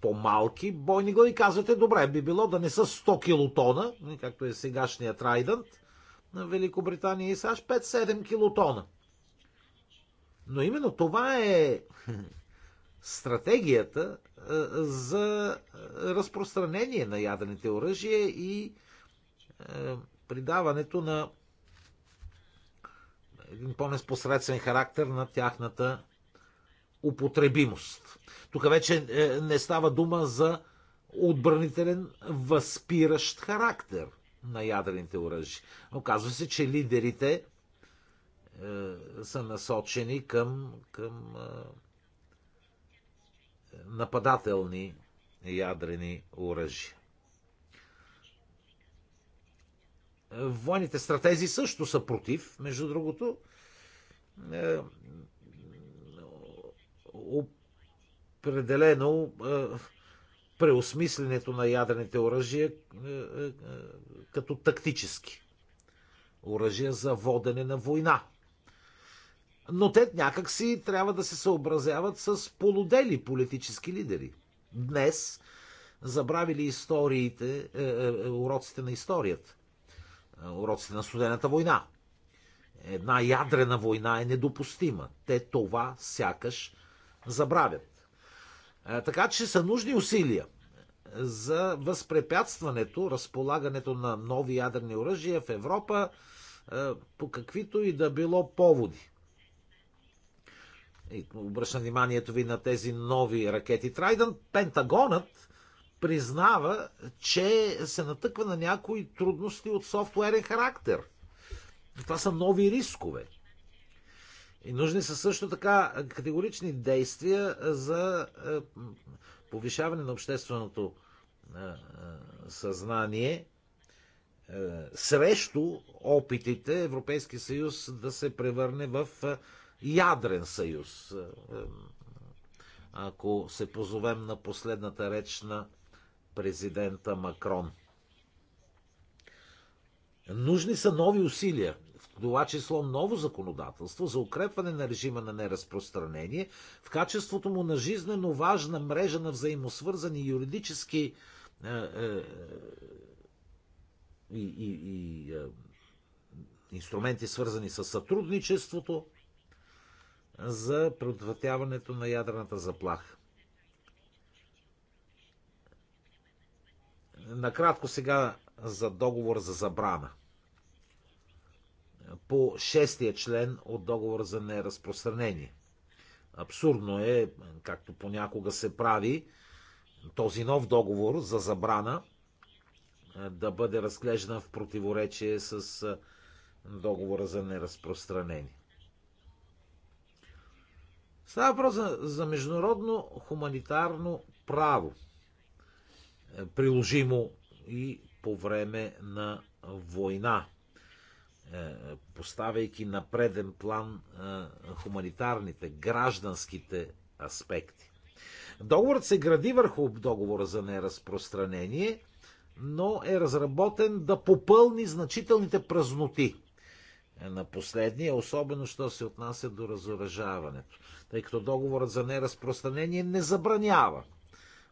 по-малки бойни глави казвате, добре, би било да не са 100 килотона, нали, както е сегашния Трайдънт на Великобритания и САЩ, 5-7 килотона. Но именно това е стратегията за разпространение на ядрените оръжия и придаването на един по-неспосредствен характер на тяхната употребимост. Тук вече е, не става дума за отбранителен възпиращ характер на ядрените оръжия. Оказва се, че лидерите е, са насочени към, към е, нападателни ядрени оръжия. Военните стратези също са против, между другото. Е, определено преосмисленето на ядрените оръжия като тактически. Оръжия за водене на война. Но те някак си трябва да се съобразяват с полудели политически лидери. Днес забравили историите, е, е, е, уроците на историята, уроците на студената война. Една ядрена война е недопустима. Те това сякаш забравят. Е, така че са нужни усилия за възпрепятстването, разполагането на нови ядрени оръжия в Европа е, по каквито и да било поводи. И обръщам вниманието ви на тези нови ракети Трайдън. Пентагонът признава, че се натъква на някои трудности от софтуерен характер. Това са нови рискове и нужни са също така категорични действия за е, повишаване на общественото е, е, съзнание срещу опитите Европейския съюз да се превърне в ядрен съюз. Ако се позовем на последната реч на президента Макрон. Нужни са нови усилия това число ново законодателство за укрепване на режима на неразпространение в качеството му на жизнено важна мрежа на взаимосвързани юридически е, е, е и, и, и е, инструменти, свързани с сътрудничеството за предотвратяването на ядрената заплаха. Накратко сега за договор за забрана по шестия член от договор за неразпространение. Абсурдно е, както понякога се прави, този нов договор за забрана да бъде разглеждан в противоречие с договора за неразпространение. Става въпрос за, за международно хуманитарно право, е, приложимо и по време на война. Е, поставяйки на преден план е, хуманитарните, гражданските аспекти. Договорът се гради върху договора за неразпространение, но е разработен да попълни значителните празноти е, на последния, особено що се отнася до разоръжаването, тъй като договорът за неразпространение не забранява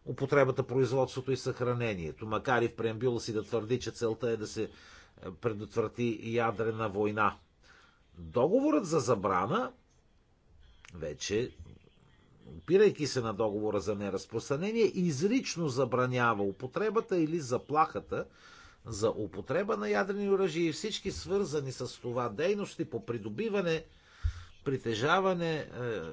употребата, производството и съхранението, макар и в преамбюла си да твърди, че целта е да се предотврати ядрена война. Договорът за забрана вече опирайки се на договора за неразпространение, изрично забранява употребата или заплахата за употреба на ядрени оръжия и всички свързани с това дейности по придобиване, притежаване, е, е,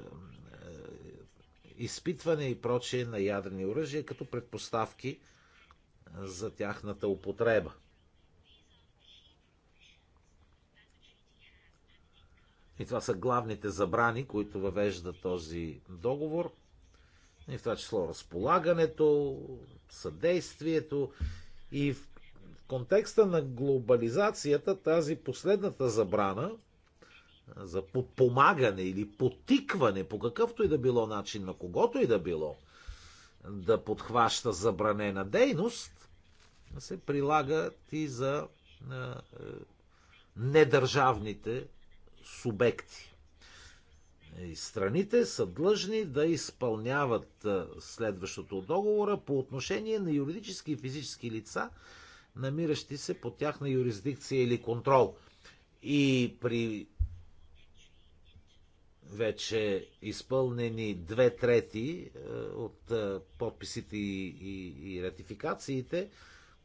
изпитване и прочие на ядрени оръжия като предпоставки за тяхната употреба. И това са главните забрани, които въвежда този договор. И в това число разполагането, съдействието и в контекста на глобализацията тази последната забрана за подпомагане или потикване по какъвто и да било начин на когото и да било да подхваща забранена дейност, се прилагат и за е, недържавните субекти. И страните са длъжни да изпълняват следващото договора по отношение на юридически и физически лица, намиращи се под тяхна юрисдикция или контрол. И при вече изпълнени две трети е, от е, подписите и, ратификациите,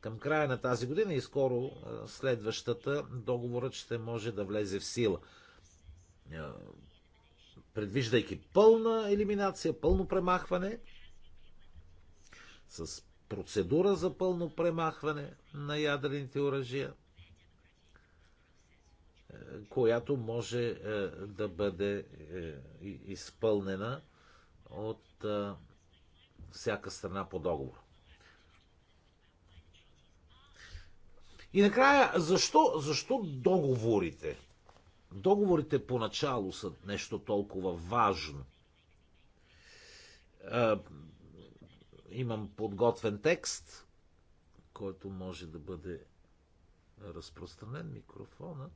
към края на тази година и скоро е, следващата договорът ще може да влезе в сила. Е, предвиждайки пълна елиминация, пълно премахване, с процедура за пълно премахване на ядрените оръжия, е, която може е, да бъде изпълнена от всяка страна по договор. И накрая, защо, защо договорите Договорите поначало са нещо толкова важно. А, Имам подготвен текст, който може да бъде разпространен микрофонът.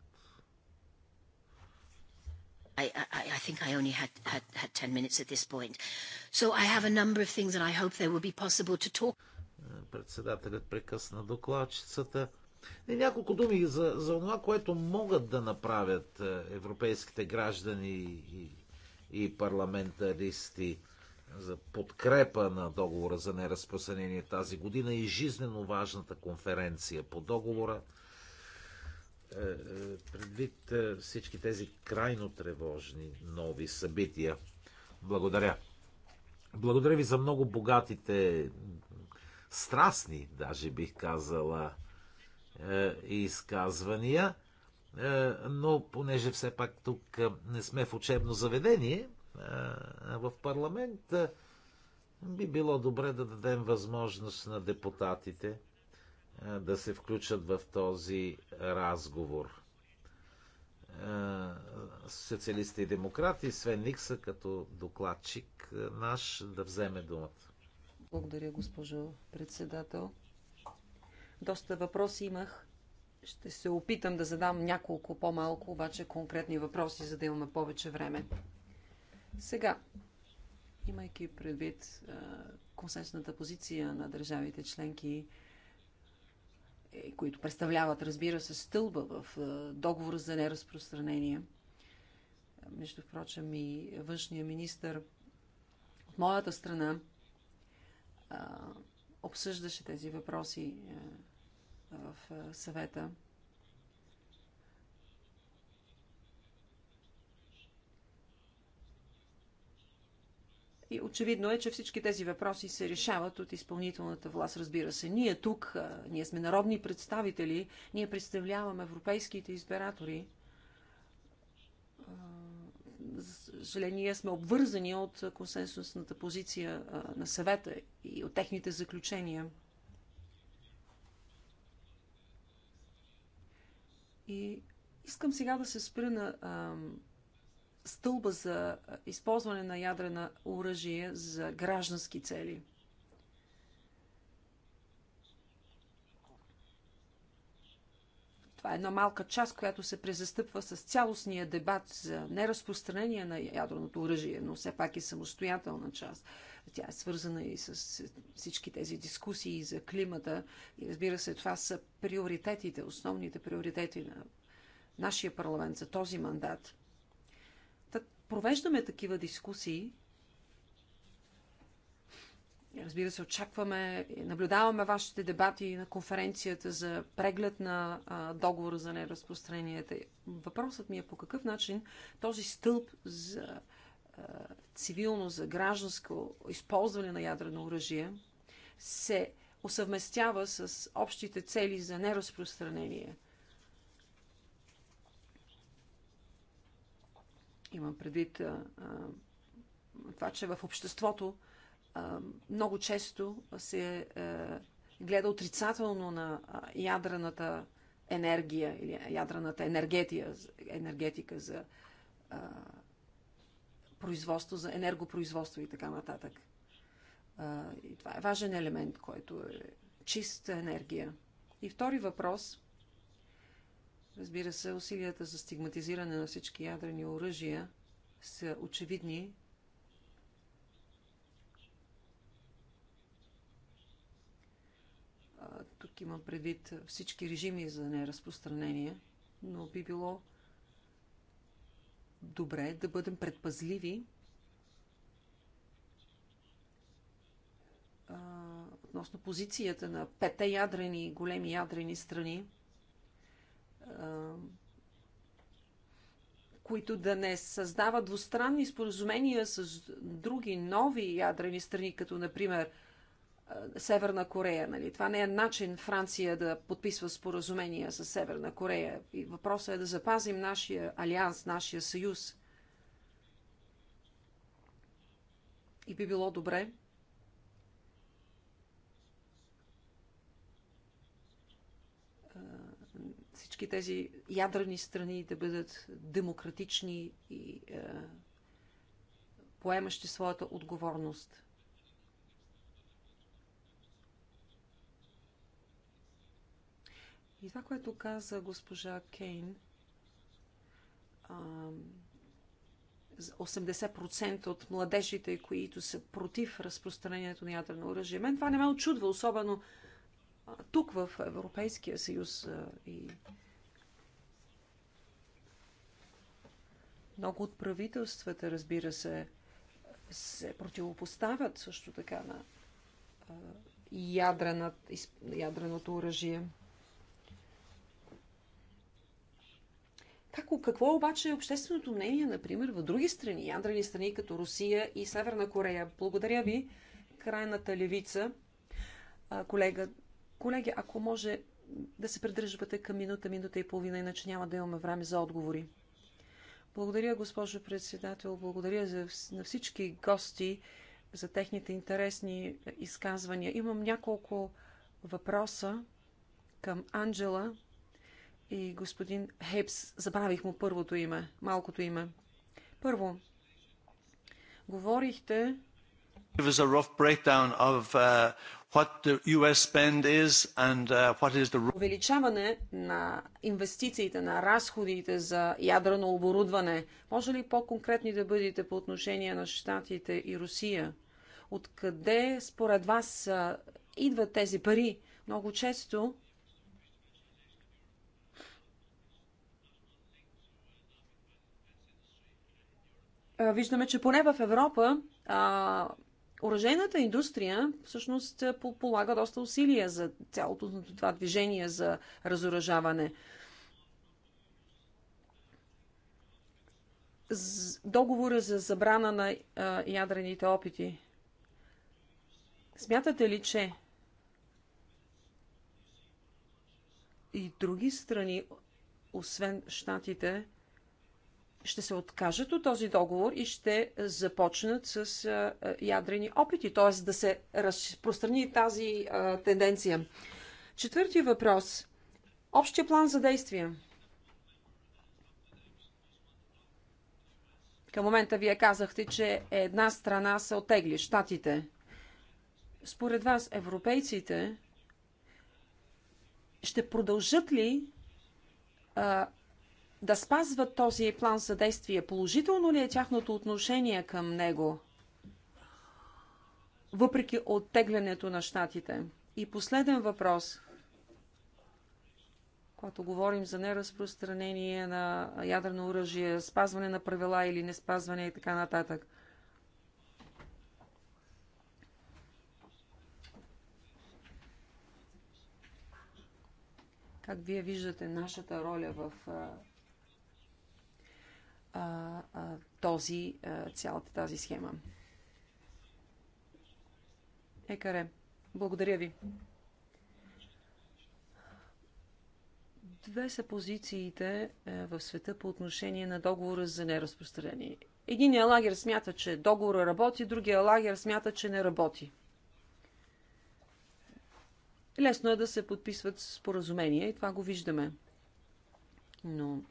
I, I, I think I only had, had, had 10 minutes at this point. So I have a number of things that I hope they will be possible to talk. Председателят прекъсна докладчицата. И няколко думи за, за това, което могат да направят е, европейските граждани и, и парламентаристи за подкрепа на договора за неразпространение тази година и жизнено важната конференция по договора. Е, е, предвид всички тези крайно тревожни нови събития. Благодаря. Благодаря ви за много богатите, страстни, даже бих казала, е, изказвания, е, но понеже все пак тук е, не сме в учебно заведение, а в парламент, би било добре да дадем възможност на депутатите да се включат в този разговор. Социалисти и демократи, Свен Никса като докладчик наш да вземе думата. Благодаря, госпожо председател. Доста въпроси имах. Ще се опитам да задам няколко по-малко, обаче конкретни въпроси, за да имаме повече време. Сега, имайки предвид консенсната позиция на държавите членки, е, които представляват, разбира се, стълба в договора за неразпространение. Между прочим и външния министр от моята страна обсъждаше тези въпроси в съвета. И очевидно е, че всички тези въпроси се решават от изпълнителната власт, разбира се. Ние тук, ние сме народни представители, ние представляваме европейските избиратори. Съжаление, сме обвързани от консенсусната позиция на съвета и от техните заключения. И искам сега да се спра на а, стълба за използване на ядрена оръжие за граждански цели. Това е една малка част, която се презастъпва с цялостния дебат за неразпространение на ядреното оръжие, но все пак е самостоятелна част. Тя е свързана и с всички тези дискусии за климата. И разбира се, това са приоритетите, основните приоритети на нашия парламент за този мандат. Так, провеждаме такива дискусии. Разбира се, очакваме, наблюдаваме вашите дебати на конференцията за преглед на договора за неразпространението. Въпросът ми е по какъв начин този стълб за цивилно, за гражданско използване на ядрено оръжие се усъвместява с общите цели за неразпространение. Имам предвид а, а, това, че в обществото а, много често се а, е, гледа отрицателно на ядрената енергия или ядрената енергетия, енергетика за а, производство, за енергопроизводство и така нататък. И това е важен елемент, който е чиста енергия. И втори въпрос. Разбира се, усилията за стигматизиране на всички ядрени оръжия са очевидни. Тук имам предвид всички режими за неразпространение, но би било добре да бъдем предпазливи а, относно позицията на пете ядрени, големи ядрени страни, а, които да не създават двустранни споразумения с други нови ядрени страни, като например е, Северна Корея. Нали? Това не е начин Франция да подписва споразумения с Северна Корея. И въпросът е да запазим нашия алианс, нашия съюз. И би било добре е, всички тези ядрени страни да бъдат демократични и е, поемащи своята отговорност. И това, което каза госпожа Кейн, 80% от младежите, които са против разпространението на ядрено оръжие. Мен това не ме очудва, особено тук в Европейския съюз и много от правителствата, разбира се, се противопоставят също така на ядреното оръжие. Как, какво е обаче е общественото мнение, например, в други страни, ядрени страни като Русия и Северна Корея? Благодаря ви, крайната левица. колега, колеги, ако може да се придържвате към минута, минута и половина, иначе няма да имаме време за отговори. Благодаря, госпожо председател, благодаря за, на всички гости за техните интересни изказвания. Имам няколко въпроса към Анджела и господин Хепс. Забравих му първото име, малкото име. Първо, говорихте... Give us a rough breakdown of uh, what the US spend is and uh, what is the... Увеличаване на инвестициите, на разходите за ядрено оборудване. Може ли по-конкретни да бъдете по отношение на Штатите и Русия? Откъде според вас идват тези пари? Много често виждаме, че поне в Европа а, оръжейната индустрия всъщност полага доста усилия за цялото това движение за разоръжаване. Договора за забрана на а, ядрените опити. Смятате ли, че и други страни, освен щатите, ще се откажат от този договор и ще започнат с ядрени опити, т.е. да се разпространи тази тенденция. Четвърти въпрос. Общия план за действие. Към момента вие казахте, че една страна се отегли, щатите. Според вас, европейците ще продължат ли а, да спазват този план за действие? Положително ли е тяхното отношение към него, въпреки оттеглянето на щатите? И последен въпрос. Когато говорим за неразпространение на ядрено оръжие, спазване на правила или не спазване и така нататък, как вие виждате нашата роля в този, цялата тази схема. Екаре, благодаря ви. Две са позициите е, в света по отношение на договора за неразпространение. Единия лагер смята, че договора работи, другия лагер смята, че не работи. Лесно е да се подписват споразумения и това го виждаме. Но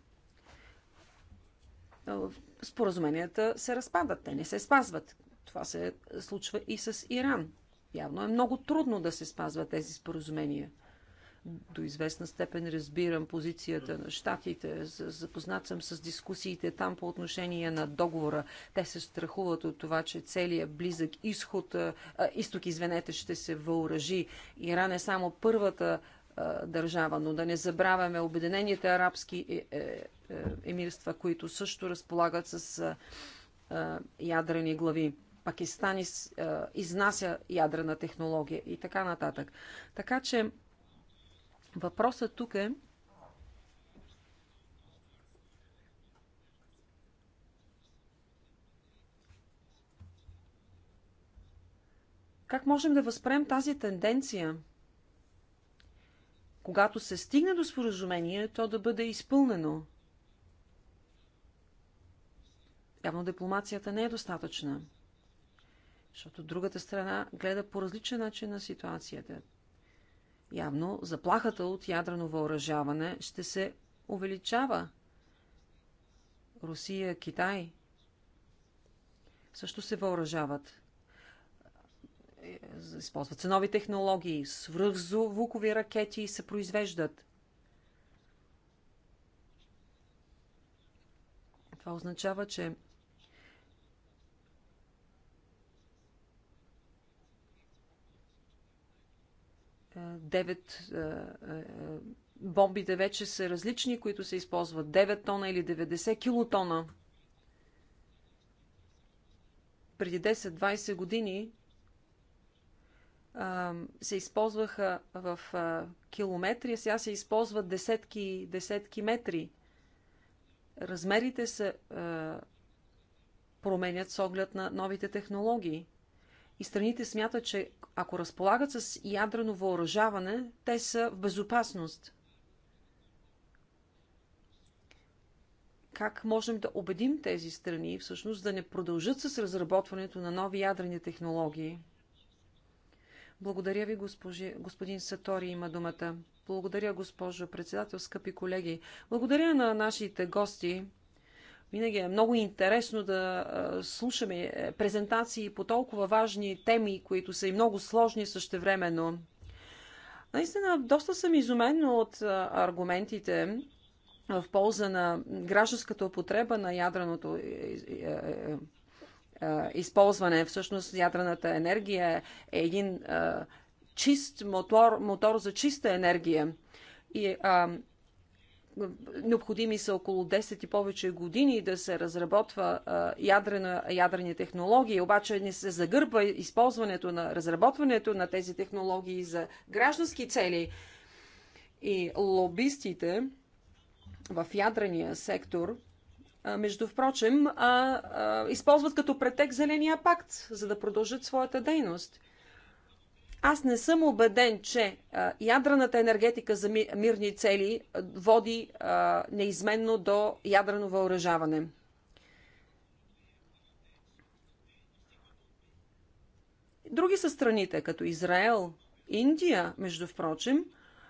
е, споразуменията се разпадат, те не се спазват. Това се случва и с Иран. Явно е много трудно да се спазват тези споразумения. До известна степен разбирам позицията на щатите. Запознат съм с дискусиите там по отношение на договора. Те се страхуват от това, че целият близък изход, а, изток, извинете, ще се въоръжи. Иран е само първата държава. Но да не забравяме Обединените арабски е, е, е, емирства, които също разполагат с ядрени глави. Пакистан изнася ядрена технология и така нататък. Така че въпросът тук е как можем да възпрем тази тенденция – когато се стигне до споразумение, то да бъде изпълнено. Явно дипломацията не е достатъчна, защото другата страна гледа по различен начин на ситуацията. Явно заплахата от ядрено въоръжаване ще се увеличава. Русия, Китай също се въоръжават. Е, използват се нови технологии, свръхзвукови ракети се произвеждат. Това означава, че девет е, е, бомбите вече са различни, които се използват 9 тона или 90 килотона. Преди 10-20 години се използваха в километри, а сега се използват десетки, десетки метри. Размерите се променят с оглед на новите технологии. И страните смятат, че ако разполагат с ядрено въоръжаване, те са в безопасност. Как можем да убедим тези страни всъщност да не продължат с разработването на нови ядрени технологии? Благодаря ви, госпожи, господин Сатори има думата. Благодаря, госпожо председател, скъпи колеги. Благодаря на нашите гости. Винаги е много интересно да слушаме презентации по толкова важни теми, които са и много сложни същевременно. Наистина, доста съм изумен от аргументите в полза на гражданската употреба на ядреното използване. Всъщност ядрената енергия е един чист мотор, мотор за чиста енергия. И а, необходими са около 10 и повече години да се разработва а, ядрена, ядрени технологии, обаче не се загърба използването на разработването на тези технологии за граждански цели. И лобистите в ядрения сектор между впрочем, а, а, използват като претек Зеления пакт, за да продължат своята дейност. Аз не съм убеден, че а, ядрената енергетика за ми, мирни цели води а, неизменно до ядрено въоръжаване. Други са страните, като Израел, Индия, между впрочем,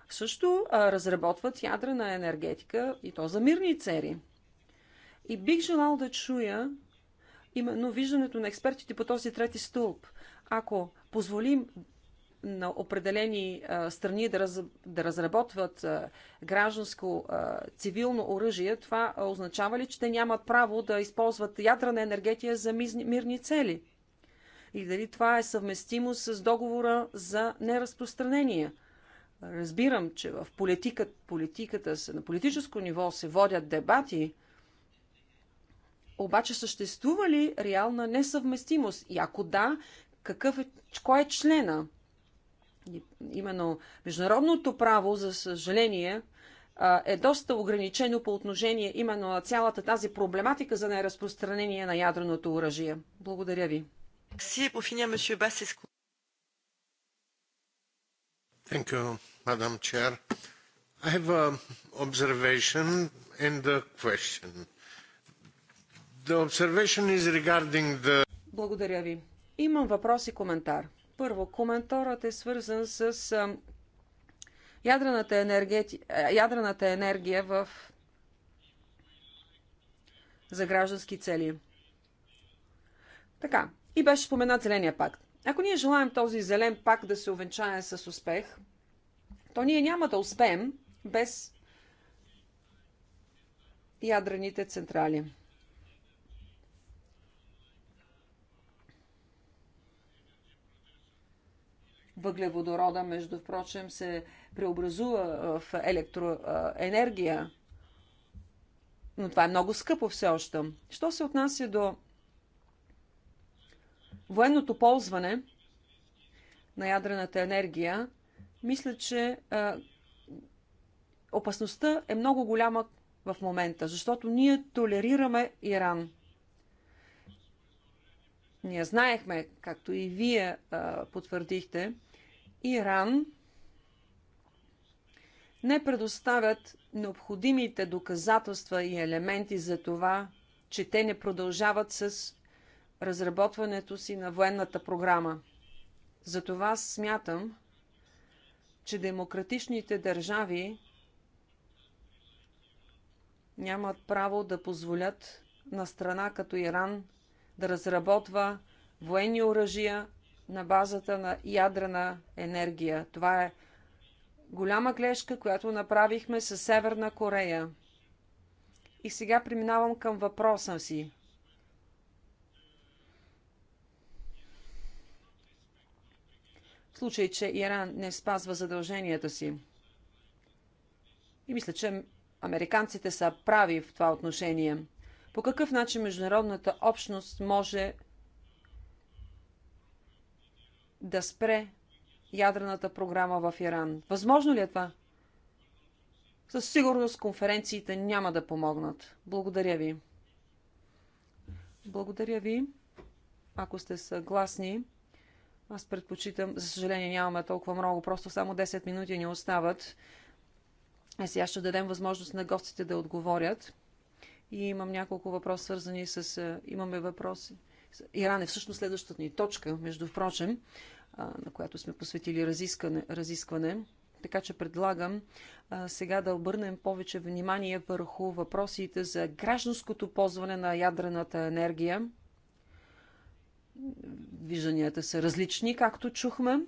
също а, разработват ядрена енергетика и то за мирни цели – и бих желал да чуя именно виждането на експертите по този трети стълб. Ако позволим на определени а, страни да, раз, да разработват а, гражданско а, цивилно оръжие, това означава ли, че те нямат право да използват ядрена енергетия за мирни цели? И дали това е съвместимо с договора за неразпространение? Разбирам, че в политиката, политиката на политическо ниво се водят дебати, обаче съществува ли реална несъвместимост? И ако да, какъв е, кой е члена? Именно международното право, за съжаление, е доста ограничено по отношение именно на цялата тази проблематика за неразпространение на ядреното оръжие. Благодаря ви. Thank you, Madam Chair. I have um, observation and a question. Благодаря ви. Имам въпрос и коментар. Първо, коментарът е свързан с ядрената, енергети... ядрената енергия в... за граждански цели. Така, и беше споменат Зеления пакт. Ако ние желаем този Зелен пакт да се увенчае с успех, то ние няма да успеем без ядрените централи. въглеводорода, между впрочем, се преобразува в електроенергия. Но това е много скъпо все още. Що се отнася до военното ползване на ядрената енергия, мисля, че а, опасността е много голяма в момента, защото ние толерираме Иран. Ние знаехме, както и вие а, потвърдихте, Иран не предоставят необходимите доказателства и елементи за това, че те не продължават с разработването си на военната програма. Затова смятам, че демократичните държави нямат право да позволят на страна като Иран да разработва военни оръжия на базата на ядрена енергия. Това е голяма клешка, която направихме със Северна Корея. И сега преминавам към въпроса си. В случай, че Иран не спазва задълженията си. И мисля, че американците са прави в това отношение. По какъв начин международната общност може да спре ядрената програма в Иран. Възможно ли е това? Със сигурност конференциите няма да помогнат. Благодаря ви. Благодаря ви. Ако сте съгласни, аз предпочитам, за съжаление нямаме толкова много, просто само 10 минути ни остават. А е, сега ще дадем възможност на гостите да отговорят. И имам няколко въпроса, свързани с... Е, имаме въпроси. Иран е всъщност следващата ни точка, между прочим на която сме посветили разискане, разискване. Така че предлагам а, сега да обърнем повече внимание върху въпросите за гражданското ползване на ядрената енергия. Вижданията са различни, както чухме.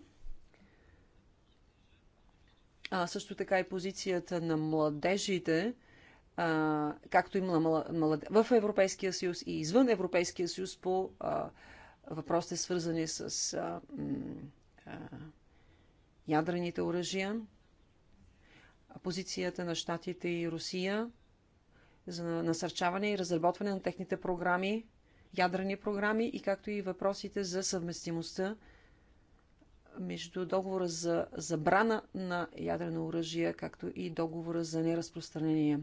А, също така и позицията на младежите, а, както и млад... в Европейския съюз и извън Европейския съюз по а, въпросите свързани с а, а, ядрените оръжия, позицията на Штатите и Русия за насърчаване и разработване на техните програми, ядрени програми и както и въпросите за съвместимостта между договора за забрана на ядрено оръжие, както и договора за неразпространение.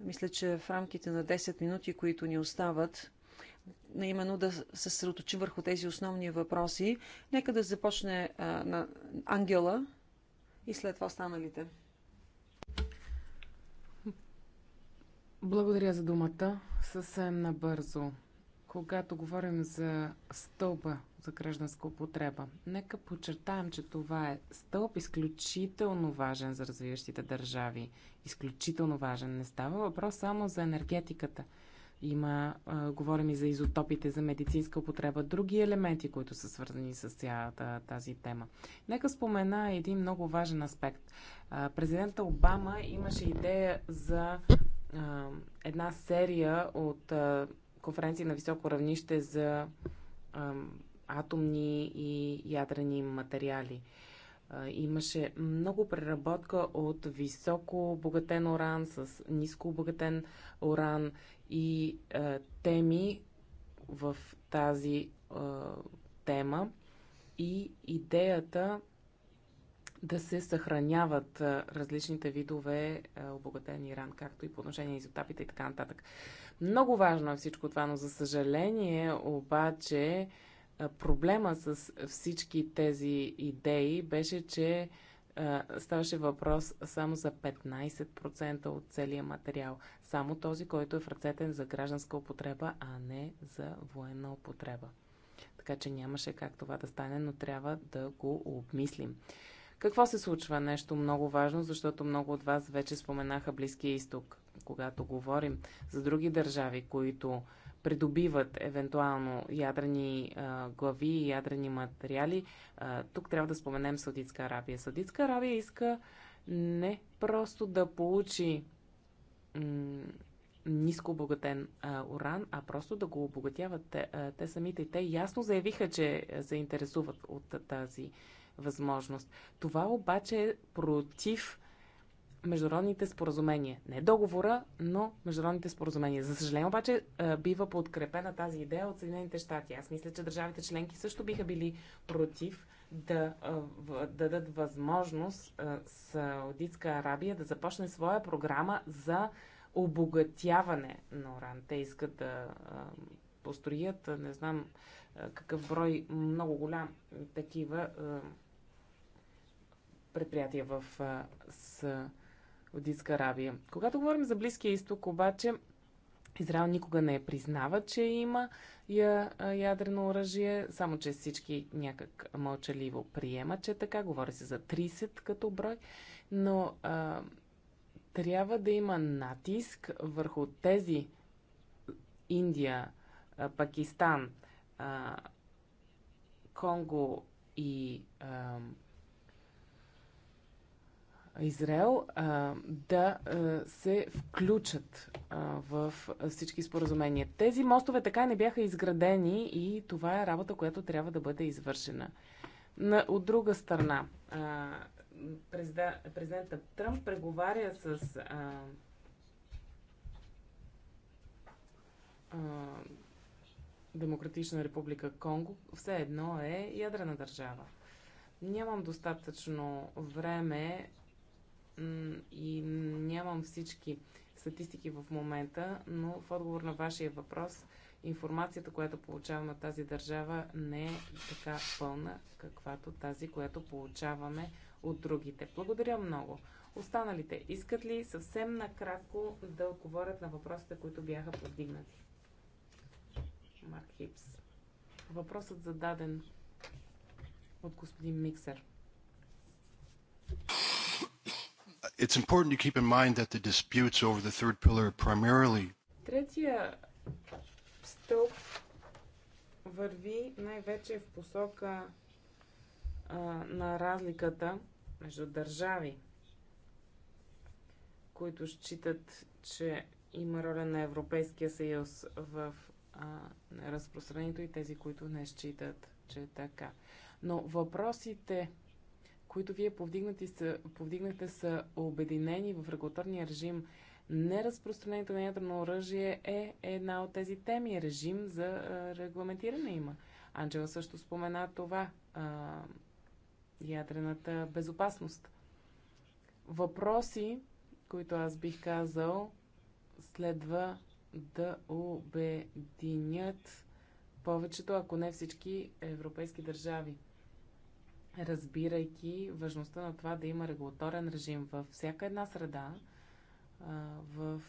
Мисля, че в рамките на 10 минути, които ни остават, именно да се съсредоточи върху тези основни въпроси. Нека да започне а, на Ангела и след това останалите. Благодаря за думата. Съвсем набързо. Когато говорим за стълба за гражданска употреба, нека подчертаем, че това е стълб изключително важен за развиващите държави. Изключително важен. Не става въпрос само за енергетиката – има, а, говорим и за изотопите за медицинска употреба, други елементи, които са свързани с цялата тази тема. Нека спомена един много важен аспект. А, президента Обама имаше идея за а, една серия от а, конференции на високо равнище за а, атомни и ядрени материали. А, имаше много преработка от високо обогатен уран с ниско обогатен уран и е, теми в тази е, тема и идеята да се съхраняват различните видове обогатен иран, както и по отношение на изотапите и така нататък. Много важно е всичко това, но за съжаление обаче проблема с всички тези идеи беше, че ставаше въпрос само за 15% от целия материал. Само този, който е в ръцете за гражданска употреба, а не за военна употреба. Така че нямаше как това да стане, но трябва да го обмислим. Какво се случва? Нещо много важно, защото много от вас вече споменаха Близкия изток. Когато говорим за други държави, които придобиват евентуално ядрени а, глави и ядрени материали. А, тук трябва да споменем Саудитска Арабия. Саудитска Арабия иска не просто да получи ниско обогатен а, уран, а просто да го обогатяват те, а, те самите. И те ясно заявиха, че заинтересуват от тази възможност. Това обаче е против международните споразумения. Не договора, но международните споразумения. За съжаление обаче бива подкрепена тази идея от Съединените щати. Аз мисля, че държавите членки също биха били против да, да дадат възможност Саудитска Арабия да започне своя програма за обогатяване на уран. Те искат да построят, не знам какъв брой, много голям такива предприятия в с Саудитска Аравия. Когато говорим за Близкия изток, обаче, Израел никога не е признава, че има я, ядрено оръжие, само че всички някак мълчаливо приемат, че е така. Говори се за 30 като брой, но а, трябва да има натиск върху тези Индия, Пакистан, а, Конго и а, Израел а, да а, се включат а, в всички споразумения. Тези мостове така не бяха изградени и това е работа, която трябва да бъде извършена. На, от друга страна, а, презида, президента Тръмп преговаря с. А, а, Демократична република Конго, все едно е ядрена държава. Нямам достатъчно време и нямам всички статистики в момента, но в отговор на вашия въпрос, информацията, която получаваме от тази държава, не е така пълна, каквато тази, която получаваме от другите. Благодаря много. Останалите искат ли съвсем накратко да отговорят на въпросите, които бяха повдигнати? Марк Хипс. Въпросът зададен от господин Миксер. It's important to keep in mind that the disputes over the third pillar are primarily Третия стълб върви най-вече в посока а, на разликата между държави, които считат, че има роля на Европейския съюз в а, разпространението и тези, които не считат, че е така. Но въпросите които вие повдигнати са, повдигнахте, са обединени в регулаторния режим. Неразпространението на ядрено оръжие е една от тези теми. Режим за регламентиране има. Анджела също спомена това. А, ядрената безопасност. Въпроси, които аз бих казал, следва да обединят повечето, ако не всички европейски държави разбирайки важността на това да има регулаторен режим във всяка една среда, в...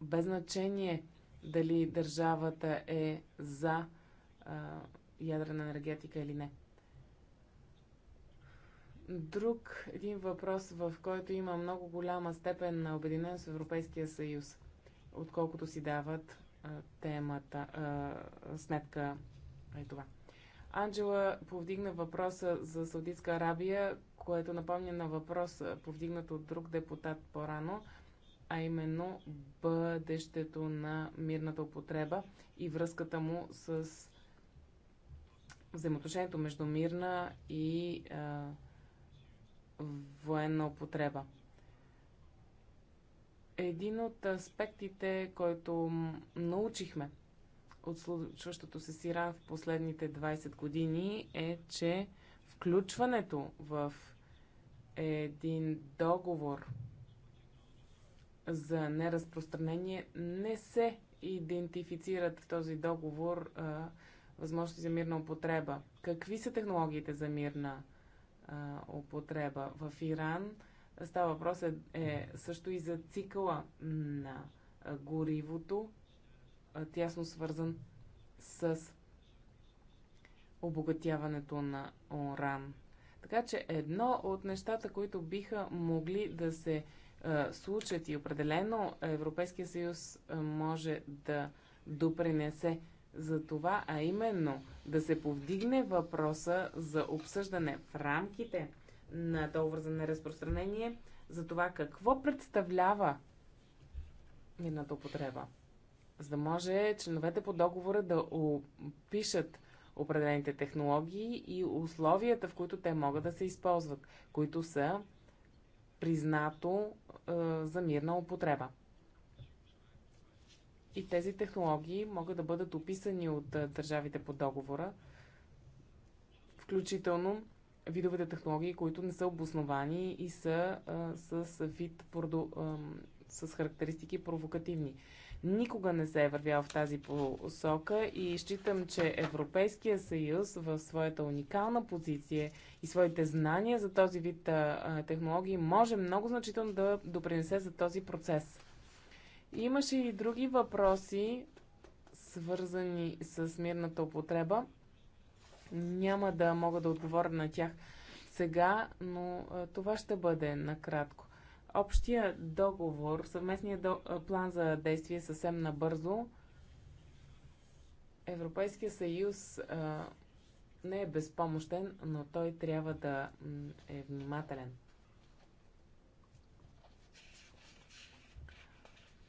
без значение дали държавата е за ядрена енергетика или не. Друг един въпрос, в който има много голяма степен на обединеност в Европейския съюз, отколкото си дават темата, сметка е това. Анджела повдигна въпроса за Саудитска Арабия, което напомня на въпрос, повдигнат от друг депутат по-рано, а именно бъдещето на мирната употреба и връзката му с взаимоотношението между мирна и а, военна употреба. Един от аспектите, който научихме – от случващото се с Иран в последните 20 години е, че включването в един договор за неразпространение не се идентифицират в този договор а, възможности за мирна употреба. Какви са технологиите за мирна а, употреба? В Иран става въпрос е, е също и за цикъла на горивото тясно свързан с обогатяването на уран. Така че едно от нещата, които биха могли да се е, случат и определено Европейския съюз може да допринесе за това, а именно да се повдигне въпроса за обсъждане в рамките на договор за неразпространение за това какво представлява едната употреба за да може членовете по договора да опишат определените технологии и условията, в които те могат да се използват, които са признато е, за мирна употреба. И тези технологии могат да бъдат описани от държавите по договора, включително видовете технологии, които не са обосновани и са е, с вид, е, с характеристики провокативни никога не се е вървял в тази посока и считам, че Европейския съюз в своята уникална позиция и своите знания за този вид технологии може много значително да допринесе за този процес. Имаше и други въпроси, свързани с мирната употреба. Няма да мога да отговоря на тях сега, но това ще бъде накратко. Общия договор, съвместния до, план за действие е съвсем набързо. Европейския съюз а, не е безпомощен, но той трябва да е внимателен.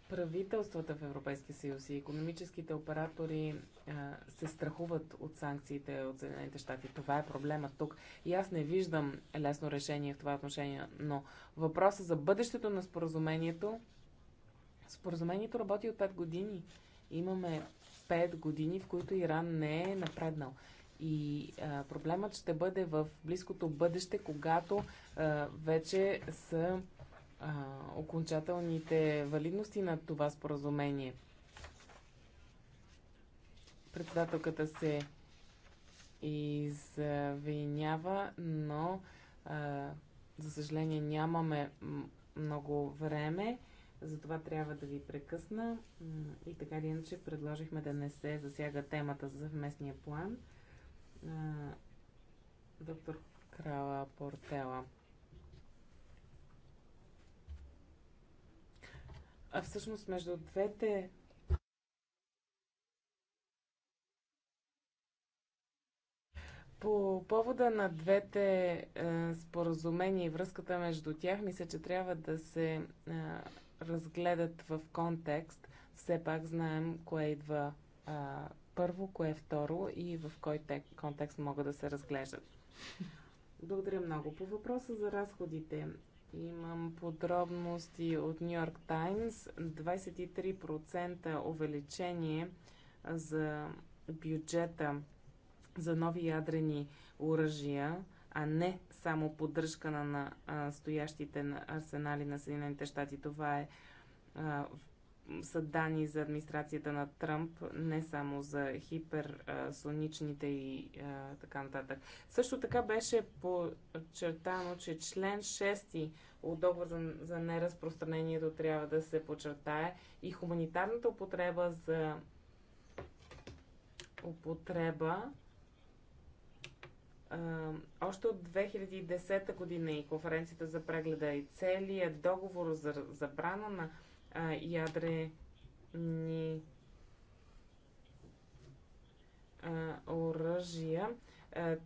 правителствата в Европейския съюз и економическите оператори а, се страхуват от санкциите от Съединените щати. Това е проблема тук. И аз не виждам лесно решение в това отношение, но въпросът за бъдещето на споразумението. Споразумението работи от 5 години. Имаме 5 години, в които Иран не е напреднал. И а, проблемът ще бъде в близкото бъдеще, когато а, вече са а, окончателните валидности на това споразумение. Председателката се извинява, но а, за съжаление нямаме много време, затова трябва да ви прекъсна. И така или иначе предложихме да не се засяга темата за съвместния план. А, доктор Крала Портела. а всъщност между двете По повода на двете е, споразумения и връзката между тях, мисля, че трябва да се е, разгледат в контекст. Все пак знаем кое идва е, първо, кое е второ и в кой тек, контекст могат да се разглеждат. Благодаря много. По въпроса за разходите. Имам подробности от Нью Йорк Таймс. 23% увеличение за бюджета за нови ядрени оръжия, а не само поддръжка на стоящите арсенали на Съединените щати. Това е са данни за администрацията на Тръмп, не само за хиперсоничните и а, така нататък. Също така беше подчертано, че член 6 от договор за, за неразпространението трябва да се подчертае и хуманитарната употреба за употреба още от 2010 година и конференцията за прегледа и целият е договор за забрана на Ядре ядрени оръжия.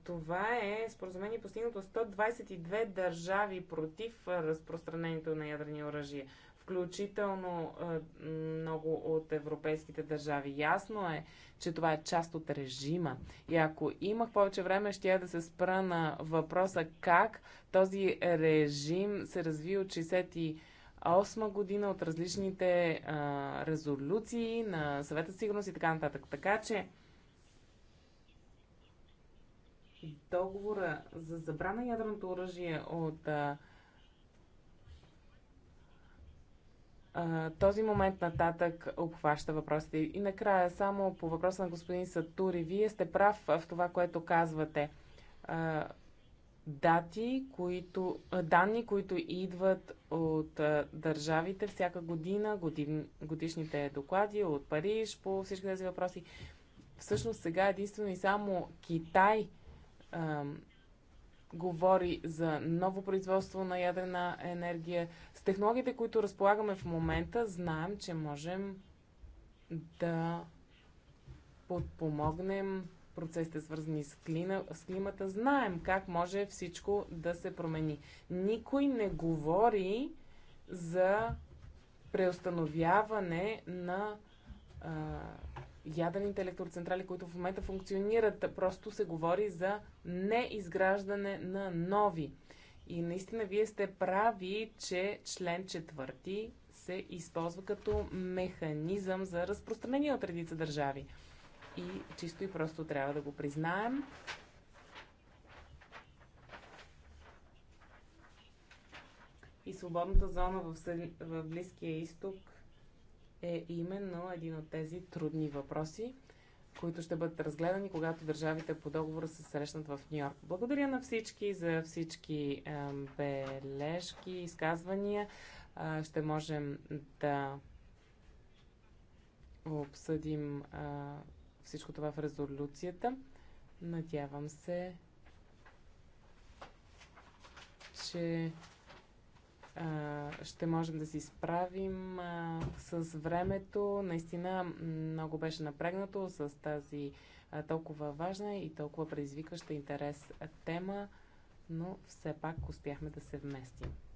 това е споразумение постигнато 122 държави против разпространението на ядрени оръжия включително много от европейските държави. Ясно е, че това е част от режима. И ако имах повече време, ще я да се спра на въпроса как този режим се разви от 60 2008 година, от различните а, резолюции на съвета сигурност и така нататък. Така че договора за забрана ядреното оръжие от а, а, този момент нататък обхваща въпросите. И накрая, само по въпроса на господин Сатури, вие сте прав в това, което казвате. А, дати, които, данни, които идват от държавите всяка година, годин, годишните доклади от Париж по всички тези въпроси. Всъщност сега единствено и само Китай ам, говори за ново производство на ядрена енергия. С технологиите, които разполагаме в момента, знаем, че можем да подпомогнем процесите, свързани с, клина, с климата, знаем как може всичко да се промени. Никой не говори за преустановяване на а, ядрените електроцентрали, които в момента функционират. Просто се говори за неизграждане на нови. И наистина вие сте прави, че член четвърти се използва като механизъм за разпространение от редица държави и чисто и просто трябва да го признаем. И свободната зона в, Близкия изток е именно един от тези трудни въпроси, които ще бъдат разгледани, когато държавите по договора се срещнат в Нью Йорк. Благодаря на всички за всички бележки, изказвания. Ще можем да обсъдим всичко това в резолюцията. Надявам се, че а, ще можем да се изправим а, с времето. Наистина много беше напрегнато с тази а, толкова важна и толкова предизвикваща интерес тема, но все пак успяхме да се вместим.